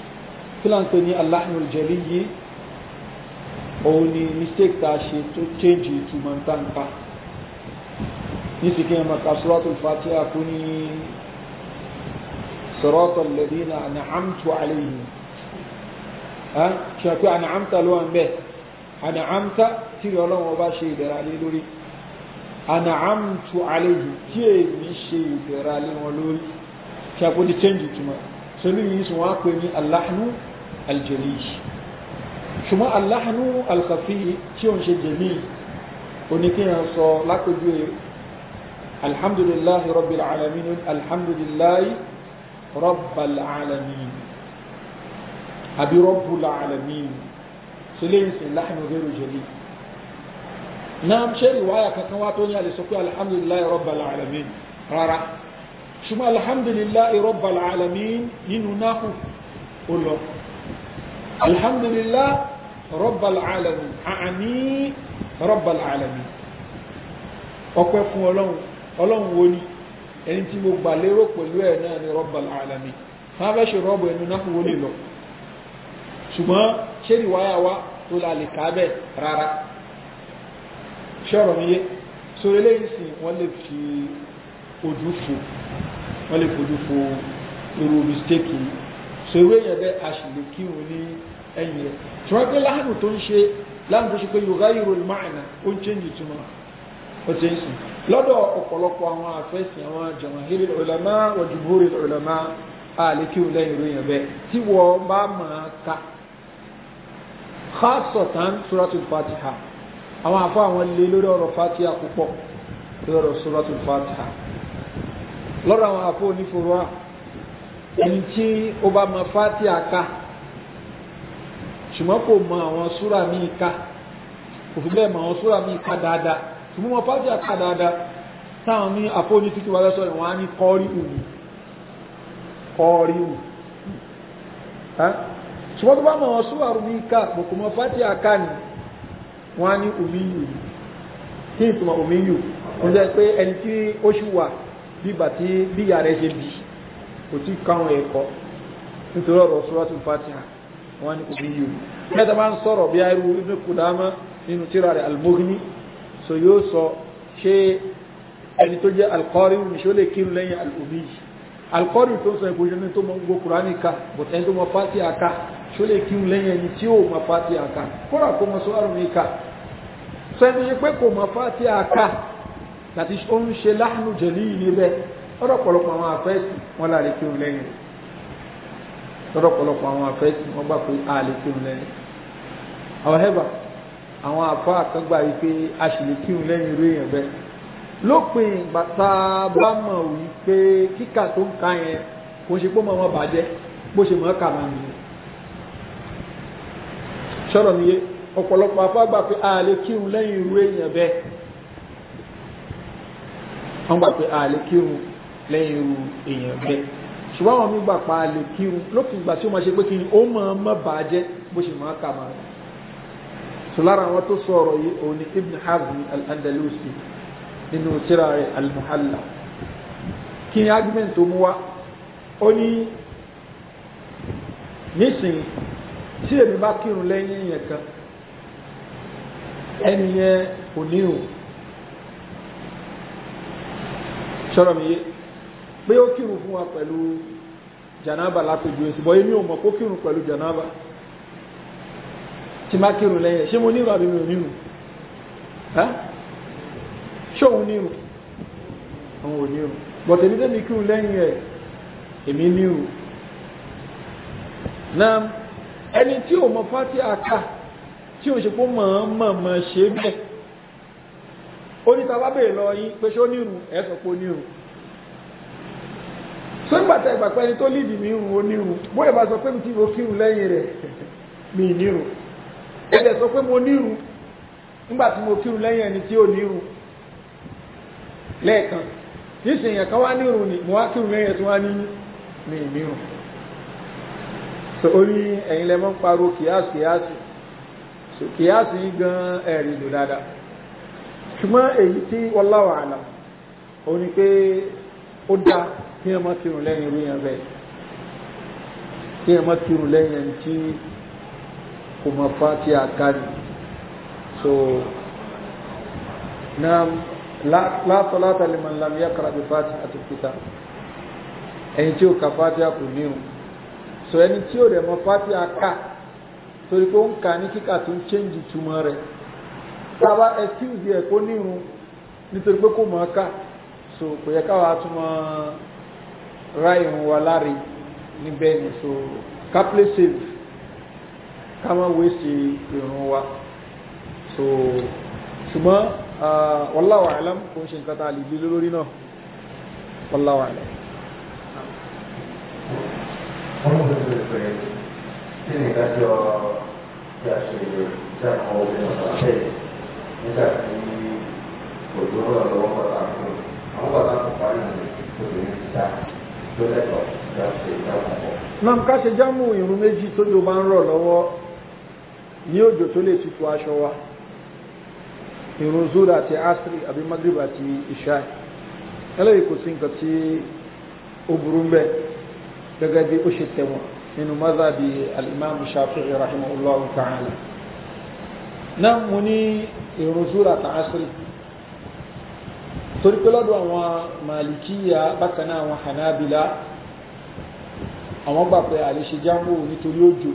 kí láǹ pè ní aláhùn ìjẹ́lì yìí òun ni mistake tá a ṣe tó change ìtumọ̀ nǹkan kan nisi kí ẹmọ ka suratul fatiha kú ní siratal ladina an'amtu alayhim ṣe pé an'amta ló wà ń bẹ an'amta tí ọlọ́wọ́ bá ṣe ìdẹ̀ra lé lórí an'amtu alayhim tí èmi ṣe ìdẹ̀ra lé wọn lórí ṣe pé ó ti change ìtumọ̀ sẹ́lú yìí sùn wọ́n á pè ní aláhánú aljẹ̀líyì ṣùgbọ́n aláhánú alkhafi tí ó ń ṣe jẹ̀líyì oníkíyàn sọ lápẹjú alhamdulilahi rabbil alamin alhamdulilahi rabbil alamin àbí rabbil alamin sílé ìsìn láàrin ògèrò jẹ́lì náà ṣe ìwáyà kankan wá tó ní alẹ́ sọ pé alhamdulilahi rabbil alamin rárá ṣùgbọ́n alhamdulilahi rabbil alamin nínú náà ó lọ alhamdulilahi rabbil alamin àní rabbil alamin ọpẹ́ fún ọlọ́run ọlọ́run wo ni ẹni tí mo gbà lérò pẹ̀lú ẹ̀ náà ni Rabbal Alamin máa fẹ́ ṣe rọ́bù ẹnu náà wọlé lọ ṣùgbọ́n ṣé ni wáyà wá tó la lè kà á bẹ́ẹ̀ rárá ṣọ́rọ̀ mi yé so eléyìí sì wọ́n lè fi ojú fo wọ́n lè fojú fo irú mistake yìí so ewé yẹn bẹ́ẹ̀ kírun ní ẹ̀yìn rẹ̀ tí wọ́n gbé tó ń ṣe láàánú tó ṣe pé yorùbá yìí rò ó ń change ìtumọ̀ ó ti ń sìn lọ́dọ̀ ọ̀pọ̀lọpọ̀ àwọn àfẹ́sìn àwọn jamahiri ulama wa jumhuri ulama àlékí lẹ́yìn ìròyìn ẹ̀bẹ̀ tí wọ́n bá máa ka khasatan suratul fatiha àwọn àfọ àwọn lè lórí ọ̀rọ̀ fatiha púpọ̀ lórí ọ̀rọ̀ suratul fatiha lọ́rọ̀ àwọn àfọ onífòrò à ẹni tí ó bá mọ fatiha ká ṣùgbọ́n kò mọ àwọn súra míì ká kò fi mọ àwọn súra míì ká dáadáa ṣùgbọ́n wọn pàtí àká dáadáa táwọn ní àfóní títí wà lọ́sọ̀rọ̀ wọn á ní kọ́rí ùn kọ́rí ùn ṣùgbọ́n tó bá mọ̀ wọn súwà rú níkà kòkò mọ̀ pàtí àká ni wọn á ní òmíyù kí n tùmọ̀ òmíyù ń jẹ́ pé ẹni tí ó ṣì wà bí ìgbà bí ìyá rẹ̀ ṣe bì kò tí káwọn ẹ̀kọ́ nítorí ọ̀rọ̀ súwàtú fatiha wọn á ní òmíyù mẹ́ta máa ń sọ̀rọ̀ bí irú Ibn Qudama nínú tírà rẹ̀ al-Mughni so yóò sọ ṣé ẹni tó jẹ́ alkọ́rí ṣé ó lè kírun lẹ́yìn alùmí yìí alkọ́rí tó sọ ìbòjú ní tó mọ gbogbo kùránì ká bọ̀tẹ́ ẹni tó mọ fásitì àká ṣé ó lè kírun lẹ́yìn ẹni tí ó mọ fásitì àká kóra kó mọ sọ́rọ̀ mi ká sọ ẹni yẹn pé kò mọ fásitì àká láti ó ń ṣe láhùn jẹ̀lí níbẹ̀ ọ̀rọ̀pọ̀lọpọ̀ àwọn àfẹ́sì wọn láàrin kírun lẹ́yìn ọ̀rọ̀pọ̀lọpọ̀ àwọn àfẹ́sì wọn gbà pé àlè kírun lẹ́yìn however àwọn àfa àkàngbà yìí pé a sì lè kírun lẹ́yìn irú èèyàn bẹ́ẹ̀ lópin ìgbà tá a bá mọ̀ wípé kíkà tó ń ka yẹn kò ṣe pé mọ̀mọ́ bàjẹ́ bó ṣe mọ̀ ọ́ kà máa nìyẹn sọ̀rọ̀ mi yé ọ̀pọ̀lọpọ̀ àfa gbà pé a lè kírun lẹ́yìn irú èèyàn bẹ́ẹ̀ wọ́n gbà pé a lè kírun lẹ́yìn irú èèyàn bẹ́ẹ̀ ṣùgbọ́n àwọn mi gbà pa a lè kírun lópin ìgbà tí ó máa ṣe pé kí so lára àwọn tó sọ ọ̀rọ̀ yìí òun ni ibn hazmi al-andalusi nínú tírà rẹ̀ al-muhalla kí ni argument tó mú wá ó ní nísìnyí tí èmi bá kírun lẹ́yìn èèyàn kan ẹni yẹn kò ní o sọ̀rọ̀ mi yé pé ó kírun fún wa pẹ̀lú janaba látòjú èsì bọ́ èmi ò mọ̀ kó kírun pẹ̀lú janaba tí má kírun lẹ́yìn ṣé mo nírun àbí mi ò nírun ṣóun nírun òun ò nírun bọ̀tẹ̀ ní tẹ́mi kírun lẹ́yìn ẹ̀ èmi nírun náà ẹni tí ò mọ fátí àká tí ò ṣe pé mọ̀ọ́mọ̀ọ́mọ̀ ṣe bẹ́ẹ̀ ó ní tàbá bèèrè lọ yín pé ṣó nírun ẹ̀ sọ pé ó nírun tó ń gbàtà ìgbàpẹ́ ẹni tó lídìí mi ń ro nírun bóyá bá sọ pé mi ti ro kírun lẹ́yìn rẹ̀ mi nírun ẹ̀dẹ̀ sọ pé mo nírun nígbà tí mo kírun lẹ́yìn ẹni tí ò nírun lẹ́ẹ̀kan tí ìṣèyàn kan wá nírun ni mo wá kírun lẹ́yìn tí wọ́n ní mi so ní ẹ̀yin lẹ mọ́ ń so yìí gan ẹ̀rí lò dáadáa ṣùgbọ́n èyí tí wallahu a'lam ní pé ó kí ẹ kò mọ fati àkàrí so na látọ̀ látàlẹ́ mọ̀ nílànà yẹ kára bí fati àti pita ẹni tí ó ka fati àkù ní o so ẹni tí ó rẹ̀ mọ fati àká torí pé ó ń ka ní kíkà tó ń chẹ́ǹjì túmọ̀ rẹ̀ tába excuse ẹ̀ kó nírun nítorí pé kò mọ̀ ká so kò yẹ káwa tún mọ ra ìrùn wa láre níbẹ̀ ni so ká safe ká má wéṣe ìrun wa so ṣùgbọ́n wallahu a'lam kò ń ṣe nǹkan tá a lè lé lórí náà wallahu a'lam.
wọ́n mú mi pé kí ni ìdájọ́ bí a ṣe lè jẹ́ àwọn obìnrin ọ̀sán bẹ́ẹ̀ nígbà tí òjò rọ̀ lọ́wọ́ bàtà fún àwọn bàtà kò parí nìyẹn
ká ṣe jámù ìrun méjì tójú bá ń rọ̀ lọ́wọ́ ní òjò tó lè tutù aṣọ wa ìrun zura àti asiri àbí magrib àti isha eléyìí kò sí nǹkan tí ó burú ń bẹ gẹ́gẹ́ bí ó ṣe tẹ̀wọ̀n nínú mazhabi alimami shafi'i rahimahullahu ta'ala náà mo ní ìrun zura àti asiri torí pé lọ́dọ̀ àwọn malikiya bákan náà àwọn hanabila àwọn gbà pé àlè ṣe jámbó nítorí òjò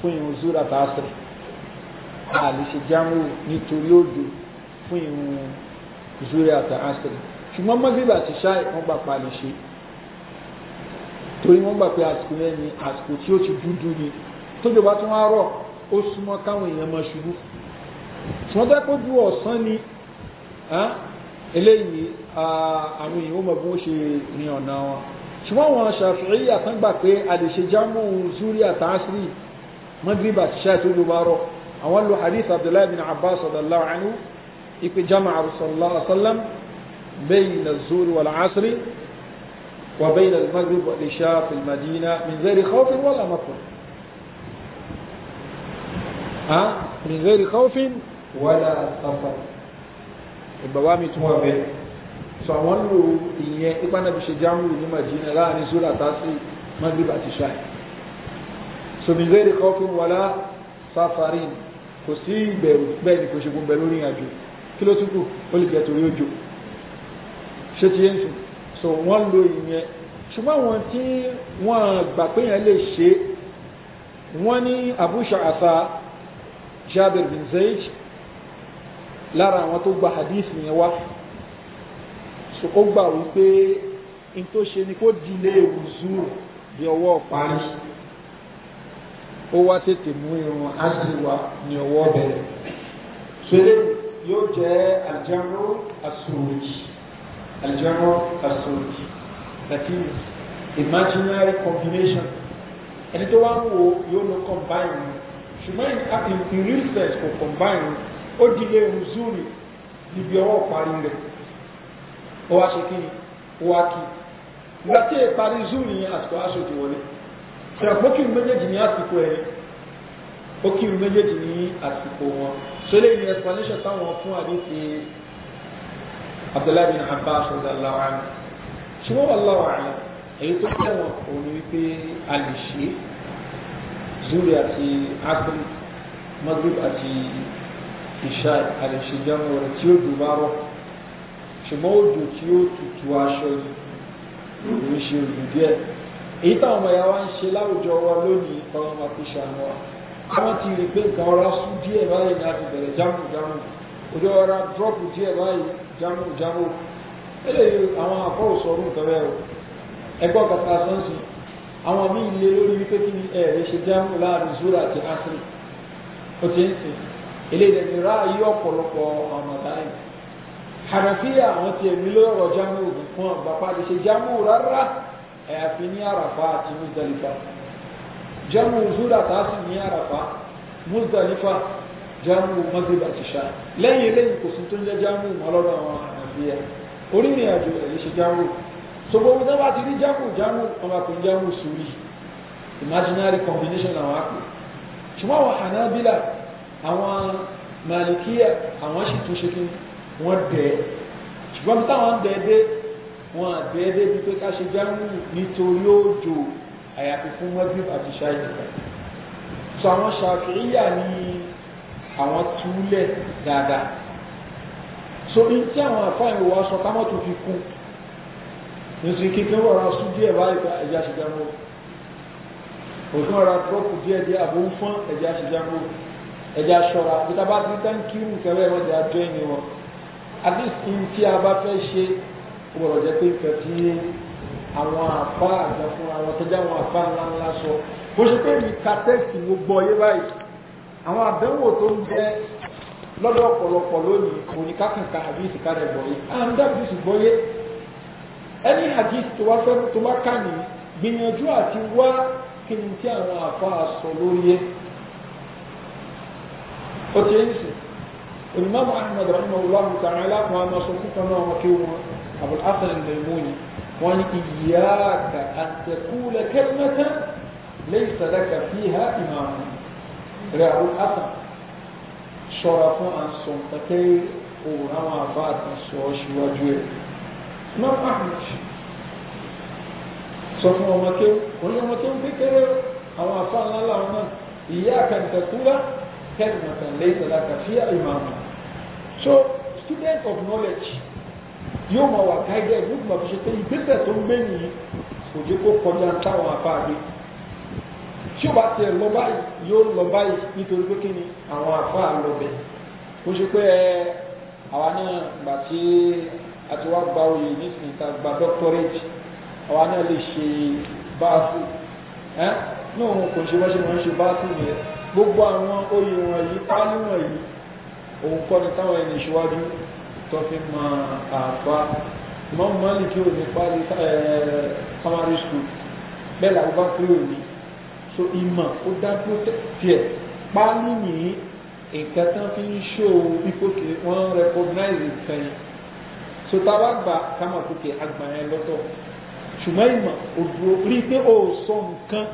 fún ìrun zura tààsìrì a lè ṣe jámù nítorí òjò fún ìrun zura tààsìrì ṣùgbọ́n mọ́gìrì àti ṣáì wọ́n gbà pa lè ṣe torí wọ́n gbà pé àsìkò yẹn ni àsìkò tí ó ti dúdú ni tójò bá tún wá rọ̀ ó súnmọ́ káwọn èèyàn máa ṣubú ṣùgbọ́n tó kójú ọ̀sán ni eléyìí àwọn èèyàn ó mọ̀ bí wọ́n ṣe rìn ọ̀nà wọn ṣùgbọ́n wọn ṣàfihàn àtàǹgbà pé a lè ṣe jámù zuri àtàásírì مغرب شاتو دوبارو اولو حديث عبد الله بن عباس رضي الله عنه يكي جمع رسول الله صلى الله عليه وسلم بين الزور والعصر وبين المغرب والعشاء في المدينة من غير خوف ولا مطر ها من غير خوف ولا سفر البوامي تمام so àwọn lò ìyẹn ipá náà fi ṣe jáàmù ní madina min ghairi khawfin wala safarin kò sí ìbẹ̀rù bẹ́ẹ̀ ni kò ṣe gbọ́n bẹ lórí àjò kí ló tún kù ó lè jẹ́ torí òjò ṣé ti yẹn sùn so wọ́n lo ìyẹn ṣùgbọ́n àwọn tí wọ́n gbà pé yẹn lè ṣe wọ́n ní Abu Sha'asa Jabir bin Zayd lára àwọn tó gba hadith yẹn wá so ó gbà wípé n tó ṣe ni kó dilé wùzúù bí ọwọ́ parí ó wá tètè mú irun àṣìwà ní ọwọ́ bẹ̀rẹ̀ ṣẹlẹ̀ yóò jẹ́ àjẹmọ́
àṣòwòjì
àjẹmọ́ àṣòwòjì that is imaginary combination ẹni tó wá ń wo yóò lọ combine ṣùgbọ́n in real sense kò combine ó dilé ruzuri níbi ọwọ́ parí rẹ̀ ó wá ṣe kí ni ó wá kí nígbà tí èparí zuri yẹn àtúkọ̀ aṣojú wọlé ṣe àpókìrì méjèèjì ní àsìkò ẹ̀ pókìrì méjèèjì ní àsìkò wọn tó lè ní explanation táwọn fún àdéhùn Abdullahi bin Abbas radiyallahu anhu ṣùgbọ́n wallahu a'lam èyí tó tẹ̀wọ̀n òun ni wípé a lè ṣe zuri àti akiri magrib àti ìṣá a lè ṣe jẹun rẹ tí ó dùn bá rọ ṣùgbọ́n ó dùn tí ó tutù aṣọ yìí kò ń ṣe òdùn èyí táwọn ọmọ ìyàwó ń ṣe láwùjọ wa lónìí kọ́lọ́ máa fi ṣàánú wa àwọn ti rí pé nǹkan ọ̀rá sún díẹ̀ báyìí ní àti bẹ̀rẹ̀ jámù jámù òde ọ̀rá dúrọ́pù díẹ̀ báyìí jámù jámù eléyìí àwọn afọ́ òsọ̀rọ̀ nǹkan bẹ́ẹ̀ o ẹgbọ́ kàtà sọ́ọ̀sì àwọn míì lé lórí wípé kí ni ẹ̀rẹ́ ṣe jámù láàrin zura àti asiri ó ti ń sìn eléyìí ẹ̀mí lọ́rọ̀ jámù ògùn fún àyàfi ní àràfà àti Muzdalifa jamu zura tá a sì ní àràfà Muzdalifa jamu Maghrib àti ṣá lẹ́yìn eléyìí kò sí tó ń jẹ́ jamu ọlọ́dọ̀ àwọn àfihàn orírin àjò ẹ̀yìn ṣe jamu sọgbọ́n wọn dábàá ti rí jamu jamu ọmọkùnrin jamu sùúrì imaginary combination làwọn àpò ṣùgbọ́n àwọn Hanabila àwọn Malikiya àwọn sì tún ṣe kí wọ́n dẹ̀ ṣùgbọ́n táwọn dẹ̀ dé wọn àbẹ́ débi pé ká ṣe jámù nítorí òjò àyàfi fún mọ́bí àti ṣáìdìkà so àwọn ṣàfihìyà ní àwọn túlẹ̀ dáadáa so ní tí àwọn àfáàyàn wọ aṣọ ká mọ́tò fi kú nítorí kíkẹ́ wọ́n ra sún díẹ̀ báyìí pé ẹja ṣe jámù òtún ọ̀rá tọ́pù díẹ̀ díẹ̀ àbò ń fọ́n ẹja ṣe jámù ẹja ṣọ́ra bí tá bá ti tán kírun kẹwẹ́ wọn jẹ́ àjọ ẹni wọn at least ní tí a bá fẹ́ ṣe ó gbọ́dọ̀ jẹ́ pé nǹkan tí àwọn àfa àgbà fún àwọn tẹ́jà àwọn àfa ńlá ńlá sọ bó ṣe pé mi ka tẹ́sì mo gbọ́ yé báyìí àwọn àdánwò tó ń jẹ́ lọ́dọ̀ ọ̀pọ̀lọpọ̀ lónìí kò ní ká kàkà àbíyèsí ká rẹ̀ gbọ́ yé à ń dábìyèsí gbọ́ yé ẹni hadith tó wá fẹ́ tó wá kà ní gbìyànjú àti wá kí ni tí àwọn àfa sọ lórí yé ó ti ń sè Imam Ahmad rahimahullah ta'ala wọn a máa sọ fún kan náà wọn kí wọn. أبو الحسن الميموني وأن إياك أن تقول كلمة ليس لك فيها إمام رأى أبو شرف عن سلطتي ورمى بعد السوش وجوه ما أحمد سوف ومكيو كل ومكيو فكر أما صلى الله عليه إياك أن تقول كلمة ليس لك فيها إمام So, student of knowledge, yóò máa wà káyidẹ yóò máa fi ṣe pé ìgbésẹ̀ tó ń gbé nìyí kò jẹ́ kó kọjá táwọn afáàgbé tí o bá tiẹ̀ lọ báyìí yóò lọ báyìí nítorí pé kí ni àwọn afáà lọ bẹ̀ kó ṣe pé àwa náà gbà tí a ti wá gba oyè nísìnyí ta gba doctorate àwa náà lè ṣe báàfù ẹ́ náà wọn kò ṣe wáṣẹ́ wọn ṣe báàfù yẹn gbogbo àwọn oyè wọn yìí pálí wọn yìí òun kọ́ táwọn ẹni ìṣíwájú tó fi mọ àpá Imam Malik ò ní parí primary school bẹ́ẹ̀ làwọn bá pé ò ní so ìmọ̀ ó dá tiẹ̀ páálí nìyí nǹkan tán fi ń ṣó ipòkè wọ́n recognize nǹkan so tá a bá gbà ká mọ̀ pé àgbà yẹn lọ́tọ̀ ṣùgbọ́n ìmọ̀ òdúró rí pé ó sọ nǹkan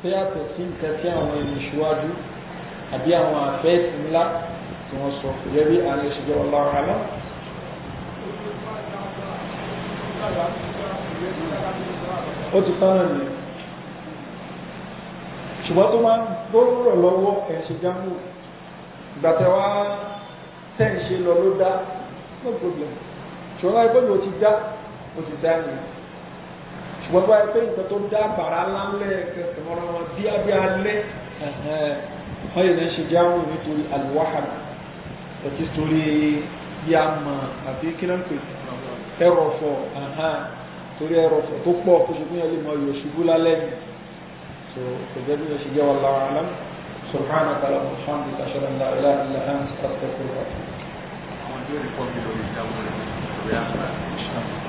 tó yàtọ̀ sí nǹkan tí àwọn ẹni ṣíwájú àbí àwọn àfẹ́ẹ̀sì ńlá tí wọ́n sọ kò yẹ bí ọlọ́run aláwọ̀ ó ti tán náà nìyẹn ṣùgbọ́n tó máa ń gbóròrò lọ́wọ́ ẹ̀ṣẹ̀ jámù ìgbàtẹ̀wá tẹ́ǹṣe lọ ló dá no problem ṣùgbọ́n láì pé mi ò ti dá mo ti dá nìyẹn ṣùgbọ́n tó wáyé pé nǹkan tó dá bàrà lálẹ́ ẹ̀kẹ́kẹ́mọ́ra wọn bí abẹ́ alẹ́ wọ́n yẹn ń ṣe nítorí àlùwáhà àti torí bí a mọ̀ àbí kí náà ń pè é ẹrọ̀fọ̀ torí ẹrọ̀fọ̀ tó pọ̀ tó ṣe fún ẹlẹ́mọ̀ yóò ṣubú lálẹ́ ni so kò jẹ́ bí wọ́n ṣe jẹ́ wọn lára alam subhanahu wa ta'ala muhammed ashalam
la ilaha illa anta astaghfiruka. àwọn ìbéèrè pọ̀ lórí ìdáwó rẹ̀ lórí àṣà ìṣàkóso.